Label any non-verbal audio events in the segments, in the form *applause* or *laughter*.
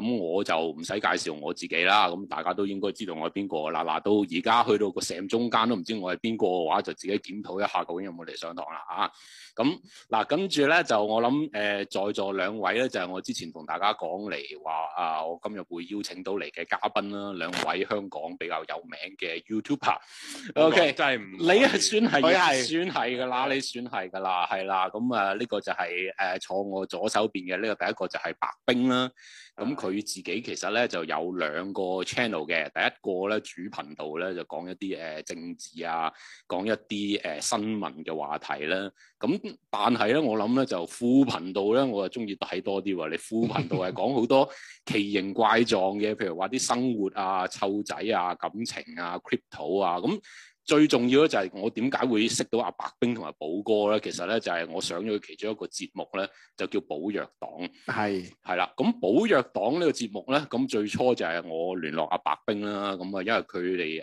咁我就唔使介紹我自己啦，咁大家都應該知道我係邊個啦。嗱，到而家去到個城中間都唔知我係邊個嘅話，就自己檢討一下，究竟有冇嚟上堂啦？啊，咁嗱，跟住咧就我諗誒、呃，在座兩位咧就係、是、我之前同大家講嚟話啊，我今日會邀請到嚟嘅嘉賓啦，兩位香港比較有名嘅 YouTuber 香港 Okay,。O.K. 真係唔，你係是算係，佢係算係嘅啦，你算係嘅啦，係啦。咁啊，呢個就係、是、誒、呃、坐我左手邊嘅呢、這個第一個就係白兵啦。咁佢自己其實咧就有兩個 channel 嘅，第一個咧主頻道咧就講一啲誒政治啊，講一啲誒新聞嘅話題啦。咁但係咧我諗咧就副頻道咧我就中意睇多啲喎，你副頻道係講好多奇形怪狀嘅，譬 *laughs* 如話啲生活啊、湊仔啊、感情啊、crypto 啊咁。最重要咧就係我點解會識到阿白兵同埋寶哥咧？其實咧就係、是、我上咗其中一個節目咧，就叫《寶藥黨》是。係係啦，咁《寶藥黨》呢個節目咧，咁最初就係我聯絡阿白兵啦。咁啊，因為佢哋誒《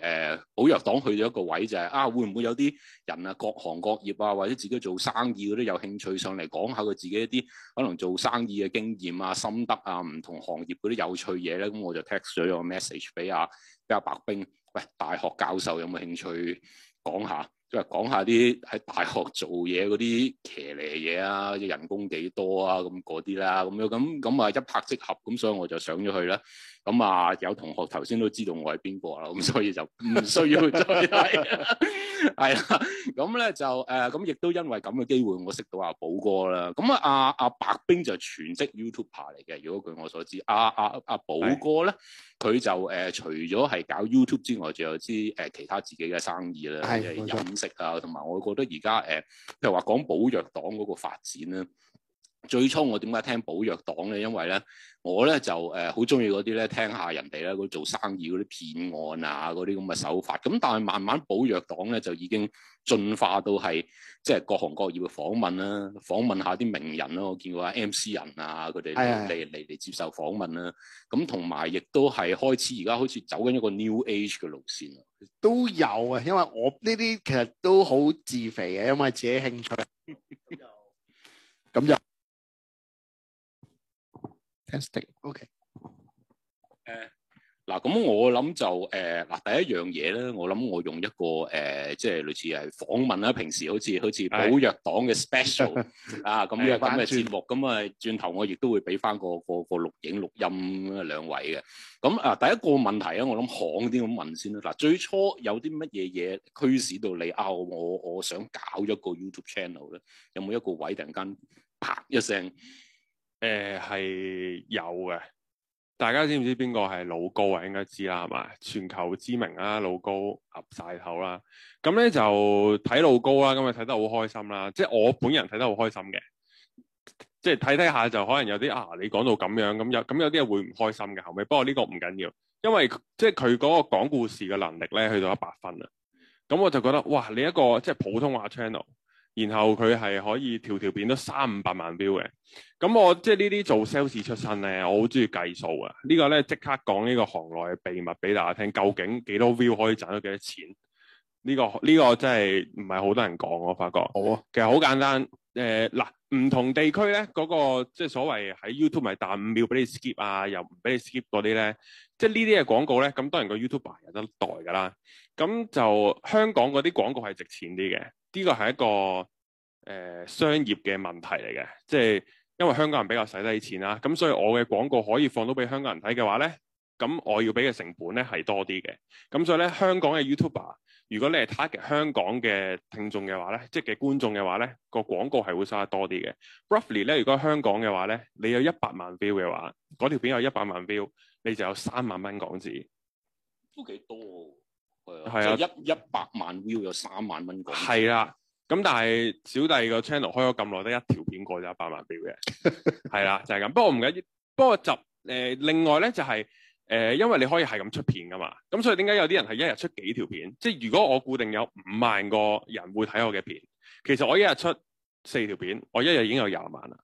寶、呃、藥黨》去咗一個位就係、是、啊，會唔會有啲人啊，各行各業啊，或者自己做生意嗰啲有興趣上嚟講下佢自己一啲可能做生意嘅經驗啊、心得啊、唔同行業嗰啲有趣嘢咧？咁我就 text 咗個 message 俾阿、啊、俾阿白兵。喂，大學教授有冇興趣講下？即係講下啲喺大學做嘢嗰啲騎呢嘢啊，啲人工幾多啊，咁嗰啲啦，咁樣咁咁啊，一拍即合，咁所以我就上咗去啦。咁啊，有同學頭先都知道我係邊個啦，咁所以就唔需要再提啦。 *laughs* *laughs* 咁咧就誒，咁、呃、亦都因為咁嘅機會，我識到阿、啊、寶哥啦。咁啊，阿、啊、阿白兵就全職 YouTuber 嚟嘅。如果據我所知，阿阿阿寶哥咧，佢的就誒、呃、除咗係搞 YouTube 之外，仲有啲誒其他自己嘅生意啦，即係的的飲食啊，同埋我覺得而家誒，譬如話講寶藥黨嗰個發展咧、啊。最初我點解聽寶藥黨咧？因為咧，我咧就誒好中意嗰啲咧聽下人哋咧嗰做生意嗰啲騙案啊，嗰啲咁嘅手法。咁但係慢慢寶藥黨咧就已經進化到係即係各行各業嘅訪問啦，訪問下啲名人咯。我見過啊 M C 人啊，佢哋嚟嚟嚟接受訪問啦、啊。咁同埋亦都係開始而家好似走緊一個 New Age 嘅路線。都有啊，因為我呢啲其實都好自肥嘅，因為自己興趣。咁 *laughs* 就。 *laughs* O.K. 誒嗱，咁、嗯、我諗就誒嗱、呃，第一樣嘢咧，我諗我用一個誒、呃，即係類似係訪問啦。平時好似好似寶藥黨嘅 special *laughs* 啊，咁、嗯、 *laughs* 樣咁嘅節目，咁啊轉頭我亦都會俾翻個個個，個錄影個錄音兩位嘅。咁、嗯、啊，第一個問題啊，我諗行啲咁問先啦。嗱，最初有啲乜嘢嘢驅使到你啊？我我想搞一個 YouTube channel 咧，有冇一個位突然間啪一聲？誒係、呃、有嘅，大家知唔知邊個係老高啊？應該知啦，係嘛？全球知名啦、啊，老高岌晒頭啦。咁咧就睇老高啦，咁啊睇得好開心啦。即係我本人睇得好開心嘅，即係睇睇下就可能有啲啊，你講到咁樣咁有咁有啲嘢會唔開心嘅後尾。不過呢個唔緊要，因為即係佢嗰個講故事嘅能力咧去到一百分啦。咁我就覺得哇，你一個即係普通話 channel。然後佢係可以條條片都三五百萬 view 嘅，咁我即係呢啲做 sales 出身咧，我好中意計數啊！呢個、呢個咧即刻講呢個行內嘅秘密俾大家聽，究竟幾多 view 可以賺到幾多錢？呢、呢個呢、呢個真係唔係好多人講，我發覺。好啊。其實好簡單，誒、呃、嗱，唔同地區咧嗰、嗰個即係、就是、所謂喺 YouTube 咪彈五秒俾你 skip 啊，又唔俾你 skip 嗰啲咧，即係呢啲嘅廣告咧，咁當然個 YouTuber 有得代噶啦。咁就香港嗰啲廣告係值錢啲嘅。呢個係一個誒、呃、商業嘅問題嚟嘅，即係因為香港人比較使得錢啦、啊，咁所以我嘅廣告可以放到俾香港人睇嘅話咧，咁我要俾嘅成本咧係多啲嘅，咁所以咧香港嘅 YouTuber，如果你係 target 香港嘅聽眾嘅話咧，即係嘅觀眾嘅話咧，這個廣告係會收得多啲嘅。roughly 咧，如果香港嘅話咧，你有一百萬 view 嘅話，嗰條片有一百萬 view，你就有三萬蚊港紙，都幾多、哦。係啊，一一百萬 view 有三萬蚊個、啊。係、嗯、啦，咁但係小弟個 channel 開咗咁耐，得一條片過咗一百萬 view 嘅。係啦、 *laughs* 啊，就係、是、咁。不過唔緊，不過集誒、呃，另外咧就係、是、誒、呃，因為你可以係咁出片噶嘛。咁所以點解有啲人係一日出幾條片？即、就、係、是、如果我固定有五萬個人會睇我嘅片，其實我一日出四條片，我一日已經有廿萬啦。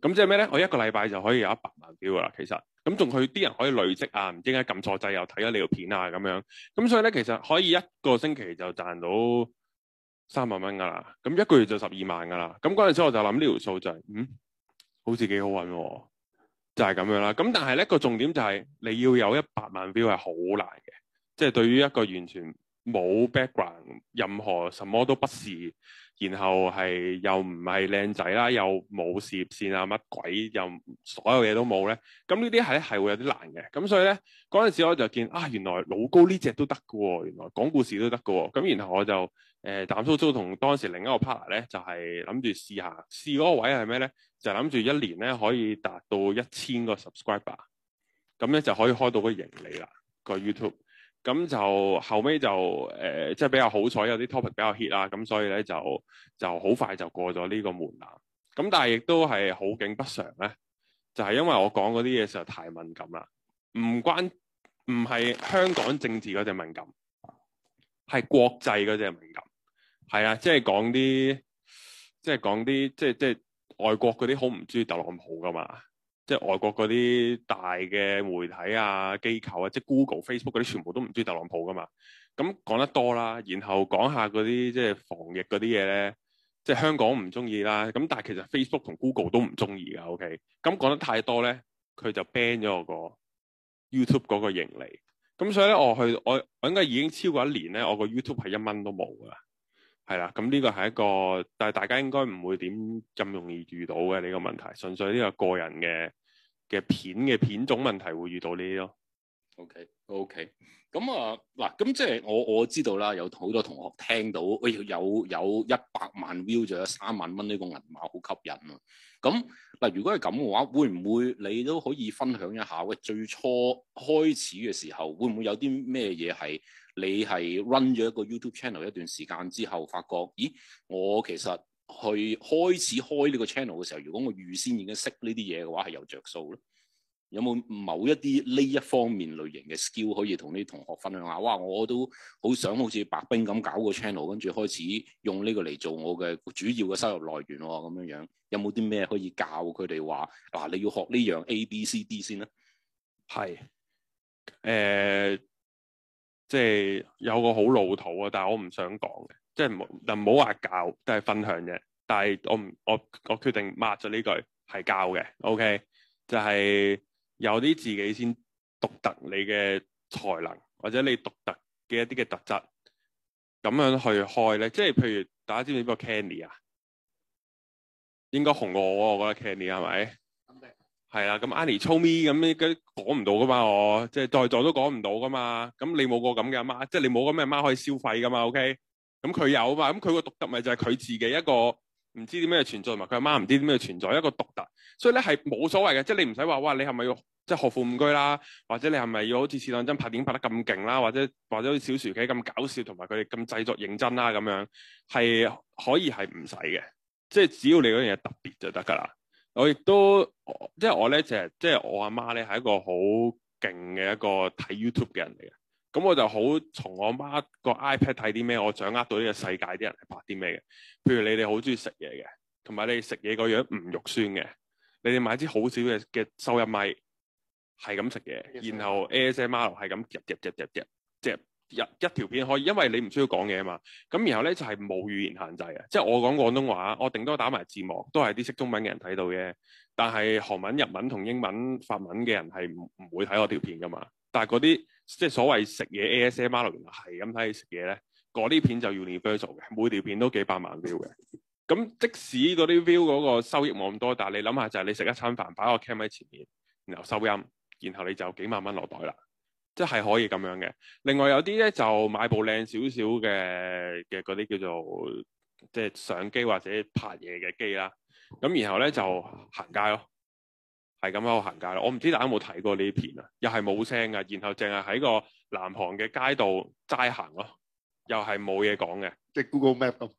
咁即係咩咧？我一個禮拜就可以有一百萬 view 噶啦。其實。咁仲佢啲人可以累積啊，唔知點解撳錯掣又睇咗呢條片啊咁樣，咁所以咧其實可以一個星期就賺到三萬蚊噶啦，咁一個月就十二萬噶啦。咁嗰陣時我就諗呢條數就係、是，嗯，好似幾好揾喎、哦，就係、是、咁樣啦。咁但係咧個重點就係、是、你要有一百萬 view 係好難嘅，即、就、係、是、對於一個完全冇 background、任何什麼都不是。然後係又唔係靚仔啦，又冇事業線啊，乜鬼又所有嘢都冇咧。咁呢啲係咧係會有啲難嘅。咁所以咧嗰陣時我就見啊，原來老高呢隻都得㗎喎，原來講故事都得㗎喎。咁然後我就誒膽粗粗同當時另一個 partner 咧，就係諗住試下試嗰個位係咩咧？就諗住一年咧可以達到一千個 subscriber，咁咧就可以開到個盈利啦個 YouTube。咁就後尾，就、呃、誒，即係比較好彩，有啲 topic 比較 hit 啦，咁所以咧就就好快就過咗呢個門檻。咁但係亦都係好景不常咧，就係、是、因為我講嗰啲嘢實在太敏感啦，唔關唔係香港政治嗰隻敏感，係國際嗰隻敏感。係啊，即係講啲，即係講啲，即係即係外國嗰啲好唔中意特朗普噶嘛。即係外國嗰啲大嘅媒體啊、機構啊，即係 Google、Facebook 嗰啲，全部都唔中意特朗普噶嘛。咁、嗯、講得多啦，然後講下嗰啲即係防疫嗰啲嘢咧，即係香港唔中意啦。咁但係其實 Facebook 同 Google 都唔中意噶。OK，咁、嗯、講得太多咧，佢就 ban 咗我個 YouTube 嗰個盈利。咁、嗯、所以咧，我去我應該已經超過一年咧，我 you、嗯個 YouTube 係一蚊都冇噶。係啦，咁呢個係一個，但係大家應該唔會點咁容易遇到嘅呢、呢個問題。純粹呢個個人嘅。嘅片嘅片種問題會遇到呢啲咯。OK OK，咁啊嗱，咁即係我我知道啦，有好多同學聽到，哎有有一百萬 view，仲有三萬蚊呢個銀碼好吸引啊。咁嗱，如果係咁嘅話，會唔會你都可以分享一下喂，最初開始嘅時候，會唔會有啲咩嘢係你係 run 咗一個 YouTube channel 一段時間之後，發覺咦我其實，去開始開呢個 channel 嘅時候，如果我預先已經識呢啲嘢嘅話，係有着數咯。有冇某一啲呢一方面類型嘅 skill 可以同啲同學分享下？哇，我都好想好似白兵咁搞個 channel，跟住開始用呢個嚟做我嘅主要嘅收入來源喎。咁樣樣有冇啲咩可以教佢哋話嗱？你要學呢樣 A、B、C、D 先啦。」係、呃，誒，即係有個好老土啊，但係我唔想講嘅。即係唔好話教，都係分享嘅。但係我唔我我決定抹咗呢句係教嘅。OK，就係有啲自己先獨特你嘅才能，或者你獨特嘅一啲嘅特質，咁樣去開咧。即係譬如大家知唔知邊個 Candy 啊？應該紅過我，我覺得 Candy 係咪？肯定係啦。咁 Annie 抽咪，咁咧，me，講唔到噶嘛。我即係在座都講唔到噶嘛。咁你冇個咁嘅媽，即係你冇咁嘅媽可以消費噶嘛。OK。咁佢有嘛？咁佢個獨特咪就係佢自己一個唔知點樣存在嘛？佢阿媽唔知點樣存在一個獨特，所以咧係冇所謂嘅，即係你唔使話哇！你係咪要即係學富五車啦？或者你係咪要好似試當真拍電影拍得咁勁啦？或者或者啲小薯茄咁搞笑，同埋佢哋咁製作認真啦？咁樣係可以係唔使嘅，即係只要你嗰樣嘢特別就得㗎啦。我亦都我即係我咧就係即係我阿媽咧係一個好勁嘅一個睇 YouTube 嘅人嚟嘅。咁我就好，從我媽個 iPad 睇啲咩，我掌握到呢個世界啲人係拍啲咩嘅。譬如你哋好中意食嘢嘅，同埋你食嘢個樣唔肉酸嘅，你哋買支好少嘅嘅收音咪係咁食嘢，然後 ASMR 係咁入入入入入即係一一條片可以，因為你唔需要講嘢啊嘛。咁然後咧就係、是、冇語言限制嘅。即係我講廣東話，我頂多打埋字幕，都係啲識中文嘅人睇到嘅。但係韓文、日文同英文、法文嘅人係唔唔會睇我條片噶嘛。但係嗰啲。即係所謂食嘢 ASMR，原來係咁睇你食嘢咧，嗰啲片就要 universal 嘅，每條片都幾百萬嘅 view 嘅。咁即使嗰啲 view 嗰個收益冇咁多，但係你諗下就係你食一餐飯，擺個 cam 喺前面，然後收音，然後你就幾萬蚊落袋啦，即係可以咁樣嘅。另外有啲咧就買部靚少少嘅嘅嗰啲叫做即係相機或者拍嘢嘅機啦，咁然後咧就行街咯、哦。係咁喺度行街咯，我唔知大家有冇睇過呢啲片啊？又係冇聲嘅，然後淨係喺個南韓嘅街道齋行咯，又係冇嘢講嘅，即係 Google Map 咁。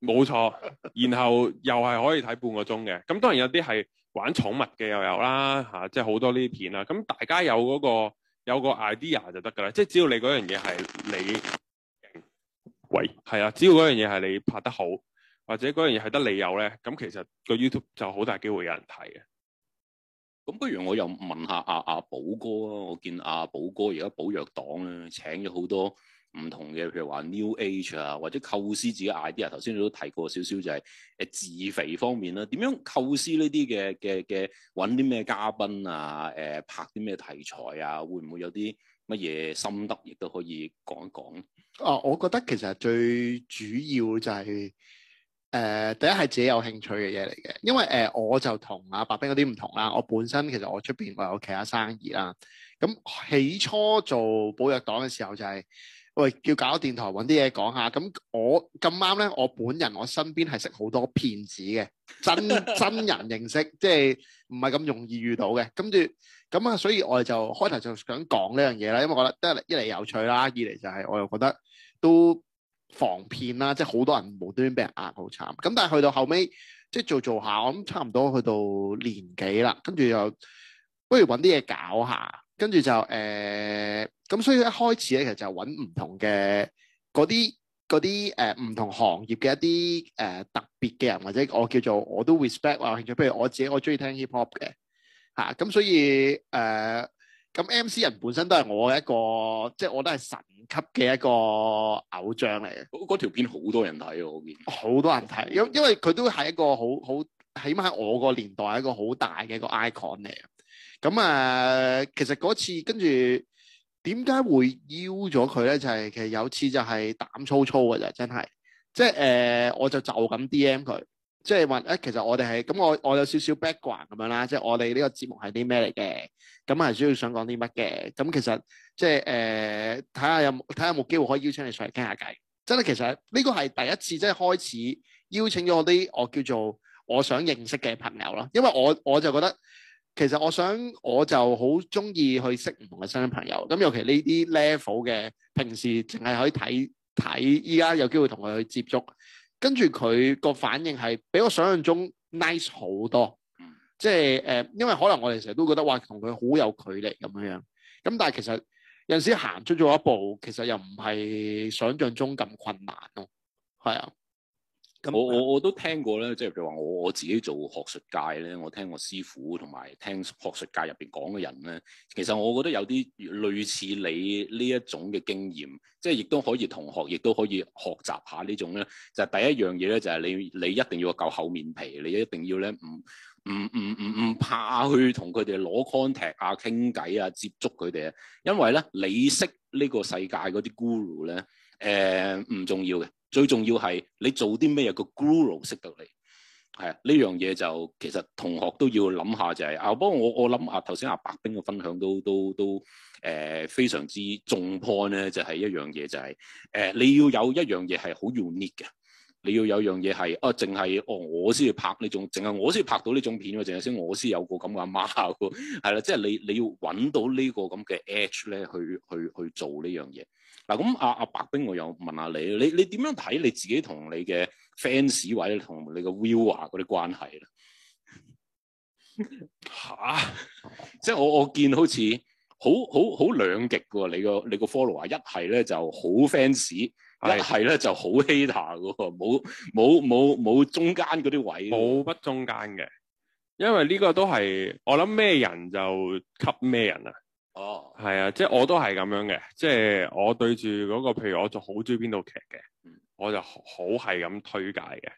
冇錯，然後又係可以睇半個鐘嘅。咁當然有啲係玩寵物嘅又有啦，吓、嗯啊，即係好多呢啲片啦。咁大家有嗰、嗰個有個 idea 就得噶啦，即係只要你嗰樣嘢係你，喂，係啊，只要嗰樣嘢係你拍得好，或者嗰樣嘢係得你有咧，咁其實個 YouTube 就好大機會有人睇嘅。咁不如我又問下阿、啊、阿、啊、寶哥啊，我見阿、啊、寶哥而家寶藥黨咧請咗好多唔同嘅，譬如話 New Age 啊，或者構思自己 idea 啊。頭先你都提過少少，就係、是、誒自肥方面啦、啊。點樣構思呢啲嘅嘅嘅揾啲咩嘉賓啊？誒、呃、拍啲咩題材啊？會唔會有啲乜嘢心得，亦都可以講一講？啊，我覺得其實最主要就係、是。誒、呃，第一係自己有興趣嘅嘢嚟嘅，因為誒、呃、我就同阿白兵嗰啲唔同啦，我本身其實我出邊又有其他生意啦。咁、嗯、起初做寶藥黨嘅時候就係、是，喂，要搞電台搵啲嘢講下。咁、嗯、我咁啱咧，我本人我身邊係識好多騙子嘅，真真人認識， *laughs* 即係唔係咁容易遇到嘅。跟住咁啊，所以我哋就開頭就想講呢樣嘢啦，因為我覺得一嚟一嚟有趣啦，二嚟就係我又覺得都。防騙啦，即係好多人無端端俾人呃好慘。咁但係去到後尾，即係做一做一下，我諗差唔多去到年紀啦，跟住又不如搵啲嘢搞下。跟住就誒，咁、呃、所以一開始咧，其實就搵唔同嘅嗰啲嗰啲誒唔同行業嘅一啲誒、呃、特別嘅人，或者我叫做我都 respect 話興趣。譬如我自己，我中意聽 hip hop 嘅嚇，咁、啊、所以誒。呃咁 M C 人本身都係我一個，即係我都係神級嘅一個偶像嚟嘅。嗰條片好多人睇喎，嗰邊好多人睇，因因為佢都係一個好好，起碼喺我個年代係一個好大嘅一個 icon 嚟嘅。咁啊，呃，其實嗰次跟住點解會邀咗佢咧？就係其實有次就係膽粗粗嘅啫，真係，即係誒，我就就咁 D M 佢。即係話誒，其實我哋係咁，我我有少少 background 咁樣啦，即係我哋呢個節目係啲咩嚟嘅？咁係主要想講啲乜嘅？咁其實即係誒，睇下有冇睇下有冇機會可以邀請你上嚟傾下偈。真係其實呢個係第一次，即係開始邀請咗我啲我叫做我想認識嘅朋友啦。因為我我就覺得其實我想我就好中意去識唔同嘅新嘅朋友。咁、嗯、尤其呢啲 level 嘅，平時淨係可以睇睇，依家有機會同佢去接觸。跟住佢個反應係比我想象中 nice 好多，即係誒，因為可能我哋成日都覺得話，同佢好有距離咁樣樣，咁但係其實有陣時行出咗一步，其實又唔係想象中咁困難咯，係啊。我我我都聽過咧，即係譬如話，我我自己做學術界咧，我聽我師傅同埋聽學術界入邊講嘅人咧，其實我覺得有啲類似你呢一種嘅經驗，即係亦都可以同學，亦都可以學習下呢種咧。就係第一樣嘢咧，就係你你一定要夠厚面皮，你一定要咧唔唔唔唔唔怕去同佢哋攞 contact 啊、傾偈啊、接觸佢哋啊，因為咧你識呢個世界嗰啲 guru 咧、呃，誒唔重要嘅。最重要係你做啲咩嘢，個 guru 識得你，係啊，呢樣嘢就其實同學都要諗下就係、是、啊，不過我我諗下頭先阿白兵嘅分享都都都誒、呃、非常之重 point 咧就係、是、一樣嘢就係、是、誒、呃、你要有一樣嘢係好 unique 嘅。你要有樣嘢係啊，淨係哦，我先要拍，你仲淨係我先要拍到呢種片喎，淨係先我先有個咁嘅阿媽，係啦，即係你你要揾到呢個咁嘅 edge 咧，去去去做呢樣嘢。嗱、啊，咁阿阿白兵，我又問下你，你你點樣睇你自己同你嘅 fans 或者同你嘅 viewer 嗰啲關係咧？嚇 *laughs* *laughs* *laughs* 即係我我見好似好好好兩極嘅喎，你個你個 follower 一係咧就好 fans。一是係咧就好欺下噶喎，冇冇冇冇中間嗰啲位，冇乜中間嘅，因為呢個都係我諗咩人就吸咩人啊。哦，係啊，即係我都係咁樣嘅，即係我對住嗰個，譬如我就好中意邊套劇嘅，我就好係咁推介嘅。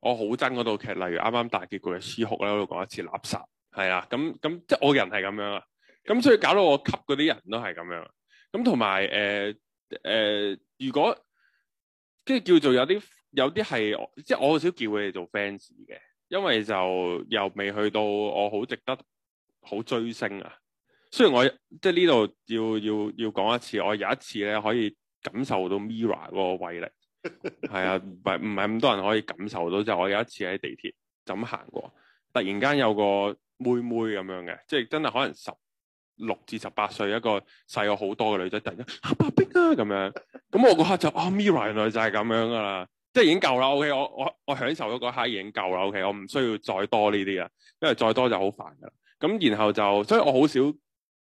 我好憎嗰套劇，例如啱啱大結局嘅《屍哭》咧，我都講一次垃圾，係啦、啊，咁、嗯、咁、嗯、即係我人係咁樣啊。咁、嗯、所以搞到我吸嗰啲人都係咁樣。咁同埋誒誒，如果。即係叫做有啲有啲係，即係我好少叫佢哋做 fans 嘅，因為就又未去到我好值得好追星啊。雖然我即係呢度要要要講一次，我有一次咧可以感受到 MIRROR 嗰個威力，係啊，唔係唔係咁多人可以感受到，就係、我有一次喺地鐵就咁行過，突然間有個妹妹咁樣嘅，即係真係可能十六至十八歲，一個細我好多嘅女仔，突然間阿、啊、白兵啊咁樣，咁我嗰刻就啊 Mirror 原來就係咁樣噶啦，即係已經夠啦。OK 我我我享受嗰刻已經夠啦。OK 我唔需要再多呢啲啦，因為再多就好煩噶。咁然後就所以我好少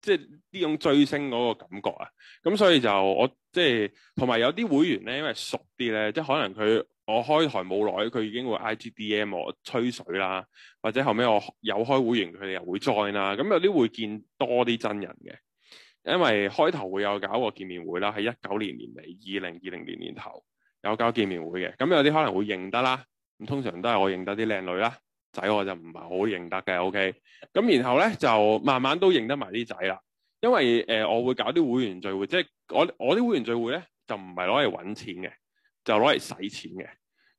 即係呢種追星嗰個感覺啊。咁所以就我。即係同埋有啲會員咧，因為熟啲咧，即係可能佢我開台冇耐，佢已經會 IGDM 我吹水啦，或者後尾我有開會員，佢哋又會 join 啦。咁有啲會見多啲真人嘅，因為開頭會有搞個見面會啦，喺一九年年尾、二零二零年年頭有搞見面會嘅。咁有啲可能會認得啦。咁通常都係我認得啲靚女啦，仔我就唔係好認得嘅。OK，咁然後咧就慢慢都認得埋啲仔啦。因為誒、呃，我會搞啲會員聚會，即係我我啲會員聚會咧就唔係攞嚟搵錢嘅，就攞嚟使錢嘅。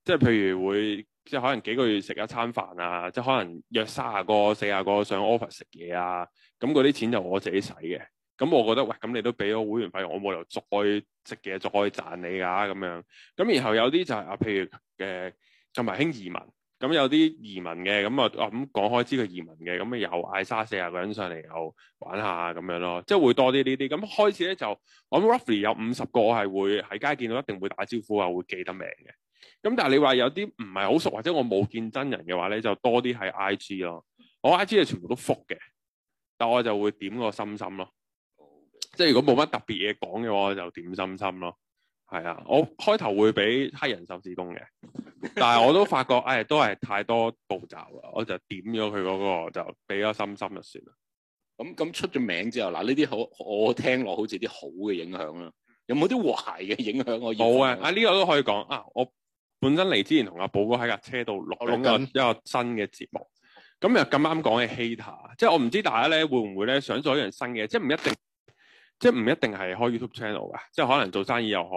即係譬如會，即係可能幾個月食一餐飯啊，即係可能約卅個四十個上 office 食嘢啊，咁嗰啲錢就我自己使嘅。咁我覺得喂，咁你都俾咗會員費，我冇理由再食嘢再賺你噶咁、啊、樣。咁然後有啲就係、是、啊，譬如誒，同埋興移民。咁、嗯、有啲移民嘅，咁啊咁講開知佢移民嘅，咁、嗯、啊又嗌三四廿個人上嚟又玩下咁樣咯，即係會多啲呢啲。咁、嗯、開始咧就，我諗 roughly 有五十個係會喺街見到一定會打招呼啊，會記得名嘅。咁、嗯、但係你話有啲唔係好熟或者我冇見真人嘅話咧，就多啲係 IG 咯。我 IG 係全部都覆嘅，但我就會點個心心咯。即係如果冇乜特別嘢講嘅話，我就點心心咯。係啊，我開頭會俾黑人手指公嘅，但係我都發覺，誒、哎、都係太多步驟啦，我就點咗佢嗰個，就俾咗心心就算啦。咁咁出咗名之後，嗱呢啲好，我聽落好似啲好嘅影響啦。有冇啲壞嘅影響我以？我冇啊！啊呢、呢個都可以講啊！我本身嚟之前同阿寶哥喺架車度錄緊一，根一個新嘅節目，咁又咁啱講起 hater，即係我唔知大家咧會唔會咧想做一樣新嘅，即係唔一定。即係唔一定係開 YouTube channel 嘅，即係可能做生意又好，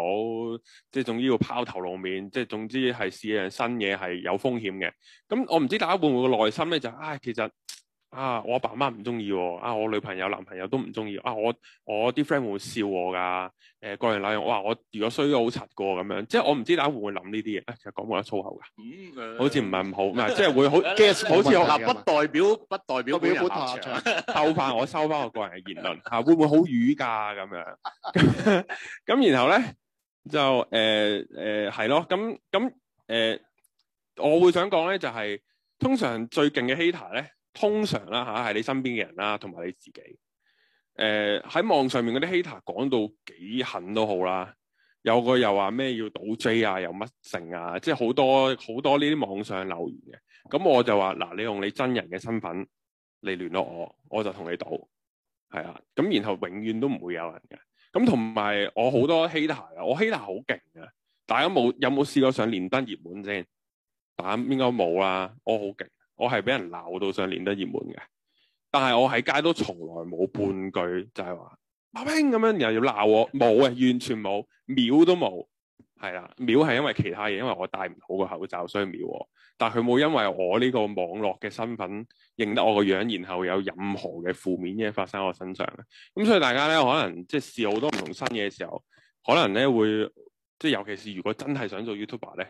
即係總之要拋頭露面，即係總之係試一樣新嘢係有風險嘅。咁我唔知大家會唔會個內心咧就唉、哎，其實。啊！我阿爸阿媽唔中意喎，啊！我女朋友男朋友都唔中意，啊！我我啲 friend 會笑我噶、啊，誒、呃、個人留言我話我如果衰咗好柒過咁樣，即係我唔知大家會唔會諗呢啲嘢？啊，其實講冇得粗口噶，嗯、好似唔係咁好，唔、嗯嗯、即係會其實其實好 guess，好似嗱，不代表、啊、不代表本場，表收怕我收翻我個人嘅言論嚇、 *laughs* 啊，會唔會好瘀噶咁樣？咁 *laughs* *laughs* *laughs* 然後咧就誒誒係咯，咁咁誒，我會想講咧就係通常最勁嘅 hater 咧。通常啦吓係你身邊嘅人啦、啊，同埋你自己。誒、呃、喺網上面啲 hater 講到幾狠都好啦，有個又話咩要賭 J 啊，又乜剩啊，即係好多好多呢啲網上留言嘅。咁我就話嗱，你用你真人嘅身份嚟聯絡我，我就同你賭，係啊。咁然後永遠都唔會有人嘅。咁同埋我好多 hater 啊，我 hater 好勁嘅。大家冇有冇試過上連登熱門先？大家應該冇啦，我好勁。我係俾人鬧到上連登熱門嘅，但係我喺街都從來冇半句就係話，阿兵咁樣又要鬧我，冇嘅，完全冇，秒都冇，係啦，秒係因為其他嘢，因為我戴唔好個口罩，所以秒我。但係佢冇因為我呢個網絡嘅身份認得我個樣，然後有任何嘅負面嘢發生我身上。咁所以大家咧，可能即係試好多唔同新嘢嘅時候，可能咧會，即係尤其是如果真係想做 YouTuber 咧，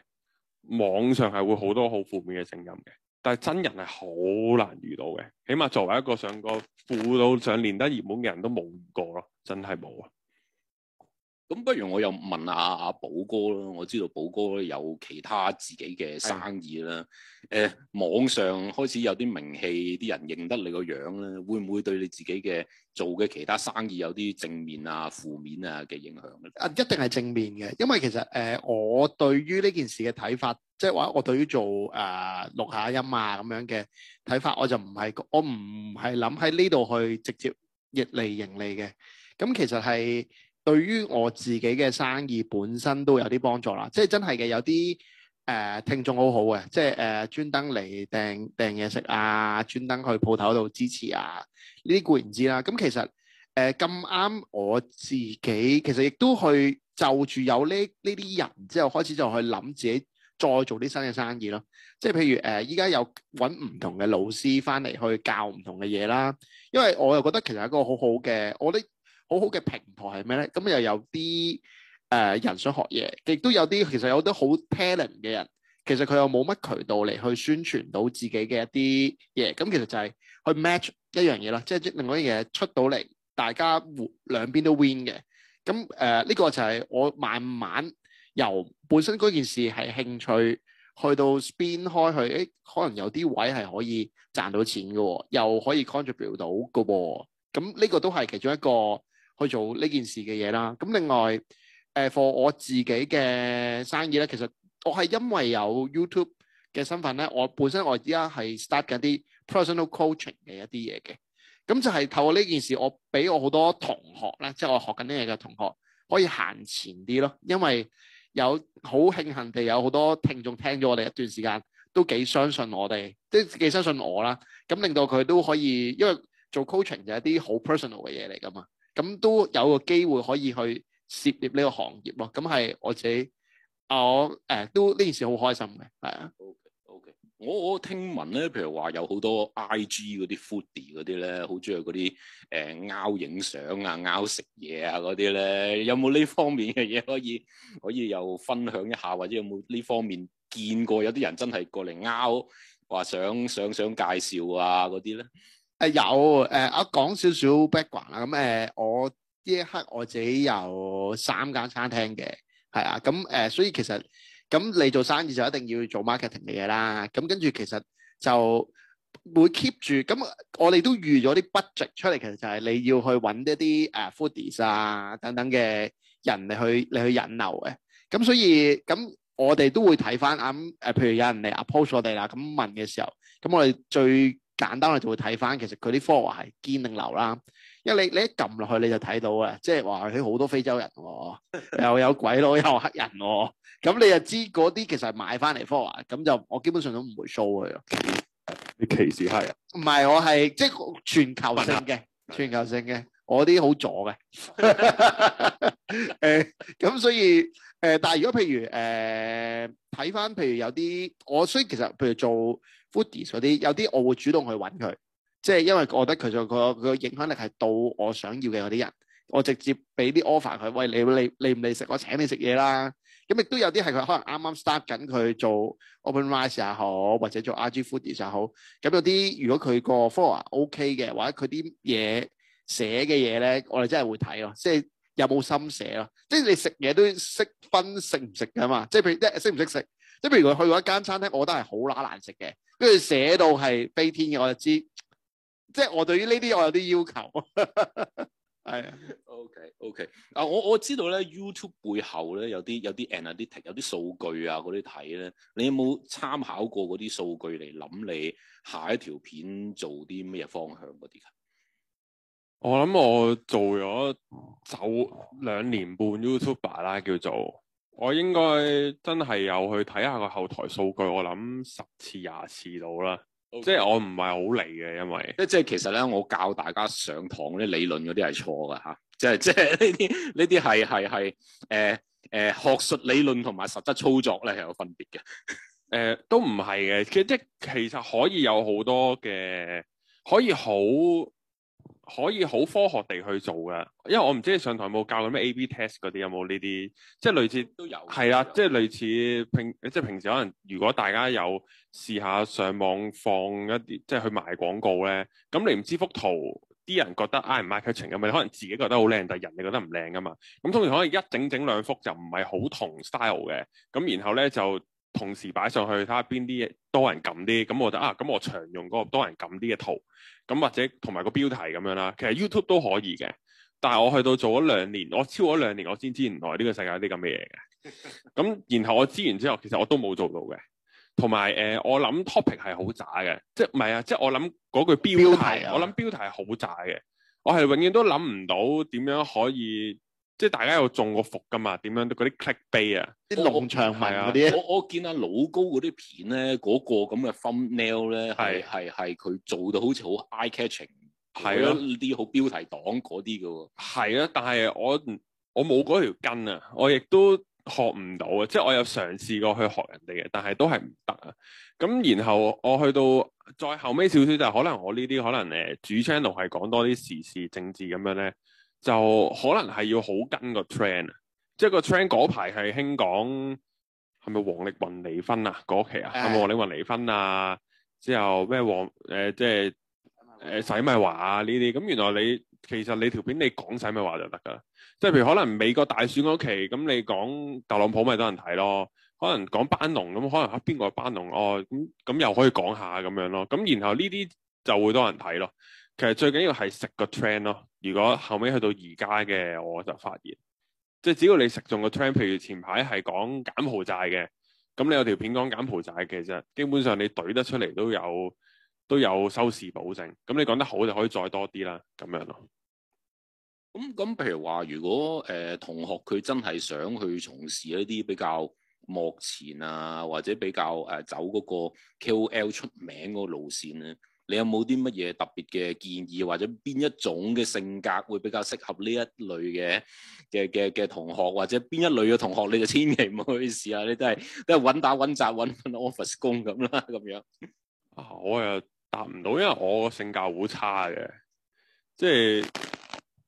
網上係會好多好負面嘅聲音嘅。但係真人係好難遇到嘅，起碼作為一個想過富到想連登熱門嘅人都冇遇過咯，真係冇啊！咁不如我又問下阿寶哥咯，我知道寶哥有其他自己嘅生意啦。誒的、欸，網上開始有啲名氣，啲人認得你個樣咧，會唔會對你自己嘅做嘅其他生意有啲正面啊、負面啊嘅影響咧？啊，一定係正面嘅，因為其實誒、呃，我對於呢件事嘅睇法，即係話我對於做誒錄、呃、下音啊咁樣嘅睇法，我就唔係，我唔係諗喺呢度去直接逆利盈利嘅。咁其實係。對於我自己嘅生意本身都有啲幫助啦，即係真係嘅有啲誒、呃、聽眾好好嘅，即係誒專登嚟訂訂嘢食啊，專登去鋪頭度支持啊，呢啲固然知啦。咁、啊、其實誒咁啱我自己，其實亦都去就住有呢呢啲人之後開始就去諗自己再做啲新嘅生意咯。即係譬如誒依家有揾唔同嘅老師翻嚟去教唔同嘅嘢啦，因為我又覺得其實係一個好好嘅我啲。好好嘅平台係咩咧？咁、嗯、又有啲誒、呃、人想學嘢，亦都有啲其實有啲好 talent 嘅人，其實佢又冇乜渠道嚟去宣傳到自己嘅一啲嘢。咁、嗯、其實就係去 match 一樣嘢啦，即係即另外一樣嘢出到嚟，大家兩邊都 win 嘅。咁誒呢個就係我慢慢由本身嗰件事係興趣，去到 spin 開去，誒可能有啲位係可以賺到錢嘅喎、哦，又可以 contribute 到嘅噃、哦。咁、嗯、呢、呢個都係其中一個。去做呢件事嘅嘢啦。咁另外，誒、呃，for 我自己嘅生意咧，其實我係因為有 YouTube 嘅身份咧，我本身我而家係 start 緊啲 personal coaching 嘅一啲嘢嘅。咁就係透過呢件事，我俾我好多同學啦，即係我學緊呢嘢嘅同學可以行前啲咯。因為有好慶幸地有好多聽眾聽咗我哋一段時間，都幾相信我哋，即係幾相信我啦。咁令到佢都可以，因為做 coaching 就一啲好 personal 嘅嘢嚟噶嘛。咁都有個機會可以去涉獵呢個行業咯，咁係我自己，我誒、呃、都呢件事好開心嘅，係啊。Okay, okay. 我我聽聞咧，譬如話有好多 I G 嗰啲 foodie 嗰啲咧，好中意嗰啲誒鈎影相啊，鈎食嘢啊嗰啲咧，有冇呢方面嘅嘢可以可以又分享一下，或者有冇呢方面見過有啲人真係過嚟鈎話想想想介紹啊嗰啲咧？誒，有誒，我講少少 background 啦。咁誒，我呢一刻我自己有三間餐廳嘅，係啊。咁誒，所以其實咁你做生意就一定要做 marketing 嘅嘢啦，咁跟住其實就會 keep 住，咁我哋都預咗啲 budget 出嚟，其實就係你要去揾一啲誒 foodies 啊等等嘅人嚟，去嚟去引流嘅。咁所以咁我哋都會睇翻，啊咁誒，譬如有人嚟 approach 我哋啦，咁問嘅時候，咁我哋最簡單我就會睇翻，其實佢啲貨係堅定流啦，因為你你一撳落去你就睇到啊，即係話佢好多非洲人喎、哦，又有鬼佬，又有黑人喎、哦，咁你就知嗰啲其實係買翻嚟科啊，咁就我基本上都唔會 show 佢。你歧視黑人？唔係，我係即係全球性嘅，全球性嘅，我啲好左嘅。誒、 *laughs* 呃，咁所以誒、呃，但係如果譬如誒睇翻，呃、譬如有啲我所以其實譬如做。Foodies 啲有啲我會主動去揾佢，即係因為我覺得佢就佢佢影響力係到我想要嘅嗰啲人，我直接俾啲 offer 佢，喂，你你你唔嚟食我請你食嘢啦，咁亦都有啲係佢可能啱啱 start 緊佢做 open rice 又好或者做 IG foodies 又好，咁有啲如果佢個 follower OK 嘅或者佢啲嘢寫嘅嘢咧，我哋真係會睇咯，即係。有冇心寫咯？即係你食嘢都識分食唔食嘅嘛？即係譬如即係識唔識食？即係譬如佢去過一間餐廳我覺得，我都係好乸難食嘅，跟住寫到係飛天嘅，我就知。即係我對於呢啲我有啲要求。係 *laughs* 啊的。OK OK。啊，我我知道咧 YouTube 背後咧有啲有啲 analytics 有啲數據啊嗰啲睇咧，你有冇參考過嗰啲數據嚟諗你下一條片做啲咩方向嗰啲啊？我諗我做咗走兩年半 YouTuber 啦，叫做我應該真係有去睇下個後台數據。我諗十次廿次到啦，Okay. 即係我唔係好嚟嘅，因為即係即係其實咧，我教大家上堂嗰啲理論嗰啲係錯嘅吓、啊，即係即係呢啲呢啲係係係誒誒學術理論同埋實質操作咧係有分別嘅，誒、 *laughs* 呃、都唔係嘅，即係其實可以有好多嘅，可以好。可以好科學地去做嘅，因為我唔知你上台冇教佢咩 A/B test 嗰啲，有冇呢啲？即係類似都有，係啦的有，即係類似平即係平時可能如果大家有試下上網放一啲，即係去賣廣告咧，咁你唔知幅圖啲人覺得挨唔挨得成嘅嘛？可能自己覺得好靚，但係人哋覺得唔靚噶嘛？咁通常可能一整整兩幅就唔係好同 style 嘅，咁然後咧就同時擺上去睇下邊啲多人撳啲，咁我覺得啊，咁我常用嗰個多人撳啲嘅圖。咁、嗯、或者同埋個標題咁樣啦，其實 YouTube 都可以嘅，但係我去到做咗兩年，我超咗兩年，我先知原來呢個世界有啲咁嘅嘢嘅。咁然後我知完之後，其實我都冇做到嘅。同埋誒，我諗 topic 係好渣嘅，即係唔係啊？即係我諗嗰句標題，我諗標題係好渣嘅。我係永遠都諗唔到點樣可以。即係大家有中過伏噶嘛？點樣都嗰啲 click bait< 我>場啊，啲農場係啊，我我見阿老高嗰啲片咧，嗰個咁嘅 thumbnail 咧，係係係佢做到好似好 eye catching，係咯啲好標題黨嗰啲噶喎。係啊，但係我我冇嗰條筋啊，我亦都學唔到啊，即係我有嘗試過去學人哋嘅，但係都係唔得啊。咁然後我去到再後尾少少就可能我呢啲可能誒主 channel 係講多啲時事政治咁樣咧。就可能係要好跟個 trend，即係個 trend 嗰排係興講係咪王力宏離婚啊？嗰、那個、期啊，係咪王力宏離婚啊？之後咩王誒、呃、即係誒、呃、洗米華啊呢啲？咁、嗯、原來你其實你條片你講洗米華就得噶啦。即係譬如可能美國大選嗰期，咁、嗯、你講特朗普咪多人睇咯。可能講班農咁、嗯，可能嚇邊個班農哦？咁、嗯、咁、嗯嗯、又可以講下咁樣咯。咁、嗯、然後呢啲就會多人睇咯。其實最緊要係食個 train 咯，如果後尾去到而家嘅，我就發現即係只要你食中個 train，譬如前排係講柬埔寨嘅，咁你有條片講柬埔寨嘅，啫，基本上你對得出嚟都有都有收視保證。咁你講得好就可以再多啲啦，咁樣咯。咁咁譬如話，如果誒、呃、同學佢真係想去從事一啲比較幕前啊，或者比較誒、呃、走嗰個 KOL 出名嗰路線咧？你有冇啲乜嘢特別嘅建議，或者邊一種嘅性格會比較適合呢一類嘅嘅嘅嘅同學，或者邊一類嘅同學你就千祈唔好去試啊！你都係都係揾打揾雜揾份 office 工咁啦，咁樣。樣啊，我又答唔到，因為我性格好差嘅，即係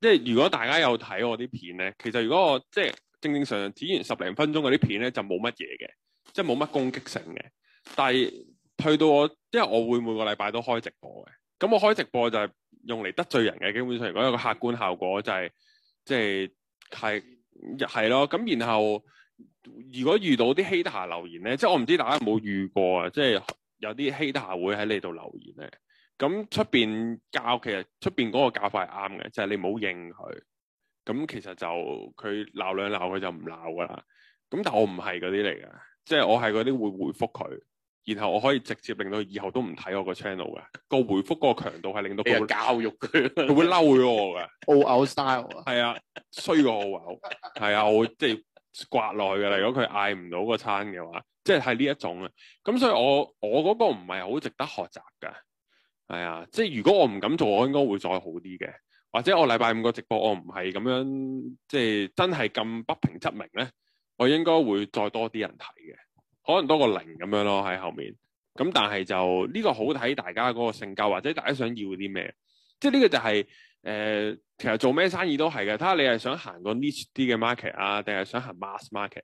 即係如果大家有睇我啲片咧，其實如果我即係正正常常剪完十零分鐘嗰啲片咧，就冇乜嘢嘅，即係冇乜攻擊性嘅，但係。去到我，因為我會每個禮拜都開直播嘅，咁我開直播就係用嚟得罪人嘅。基本上嚟講，有一個客觀效果就係、是，即係係係咯。咁然後，如果遇到啲 hater 留言咧，即係我唔知大家有冇遇過啊，即係有啲 hater 會喺你度留言咧。咁出邊教其實出邊嗰個教法係啱嘅，就係、是、你唔好應佢。咁其實就佢鬧兩鬧佢就唔鬧噶啦。咁但係我唔係嗰啲嚟嘅，即係我係嗰啲會回覆佢。然後我可以直接令到以後都唔睇我個 channel 嘅，個回覆嗰個強度係令到佢教育佢，佢 *laughs* 會嬲咗我嘅。澳牛 *laughs* O . style 係 *laughs* 啊，衰過澳牛係啊，我即係刮內㗎喇。如果佢嗌唔到個餐嘅話，即係係呢一種啊。咁所以我我嗰個唔係好值得學習㗎。係啊，即係如果我唔敢做，我應該會再好啲嘅。或者我禮拜五個直播，我唔係咁樣，即係真係咁不平則鳴咧，我應該會再多啲人睇嘅。可能多個零咁樣咯喺後面，咁、嗯、但係就呢、這個好睇大家嗰個性格或者大家想要啲咩，即係呢個就係、是、誒、呃，其實做咩生意都係嘅，睇下你係想行個 niche 啲嘅 market 啊，定係想行 mass market。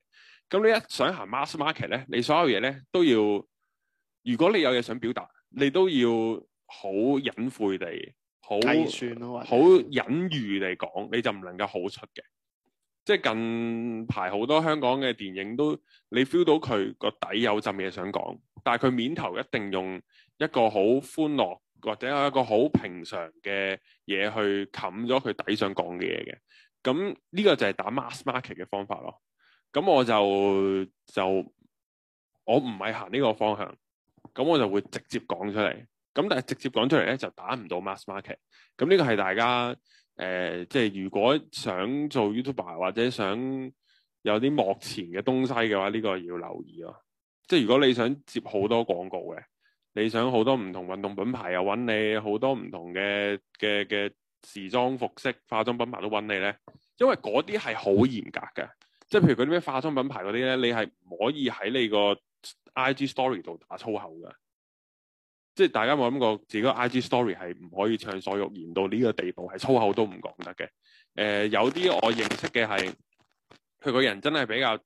咁、嗯、你一想行 mass market 呢，你所有嘢咧都要，如果你有嘢想表達，你都要好隱晦地，好計算，好隱喻地講，你就唔能夠好出嘅。即係近排好多香港嘅電影都你 feel 到佢個底有陣嘢想講，但係佢面頭一定用一個好歡樂或者有一個好平常嘅嘢去冚咗佢底想講嘅嘢嘅。咁、嗯、呢、這個就係打 mass market 嘅方法咯。咁、嗯、我就就我唔係行呢個方向，咁、嗯、我就會直接講出嚟。咁、嗯、但係直接講出嚟咧就打唔到 mass market。咁、嗯、呢、這個係大家。誒、呃，即係如果想做 YouTuber 或者想有啲幕前嘅東西嘅話，呢個要留意咯、哦。即係如果你想接好多廣告嘅，你想好多唔同運動品牌又揾你，好多唔同嘅嘅嘅時裝服飾化妝品牌都揾你咧，因為嗰啲係好嚴格嘅。即係譬如嗰啲咩化妝品牌嗰啲咧，你係唔可以喺你個 IG Story 度打粗口㗎。即係大家冇諗過自己 IG Story 係唔可以暢所欲言到呢個地步，係粗口都唔講得嘅。誒、呃，有啲我認識嘅係佢個人真係比較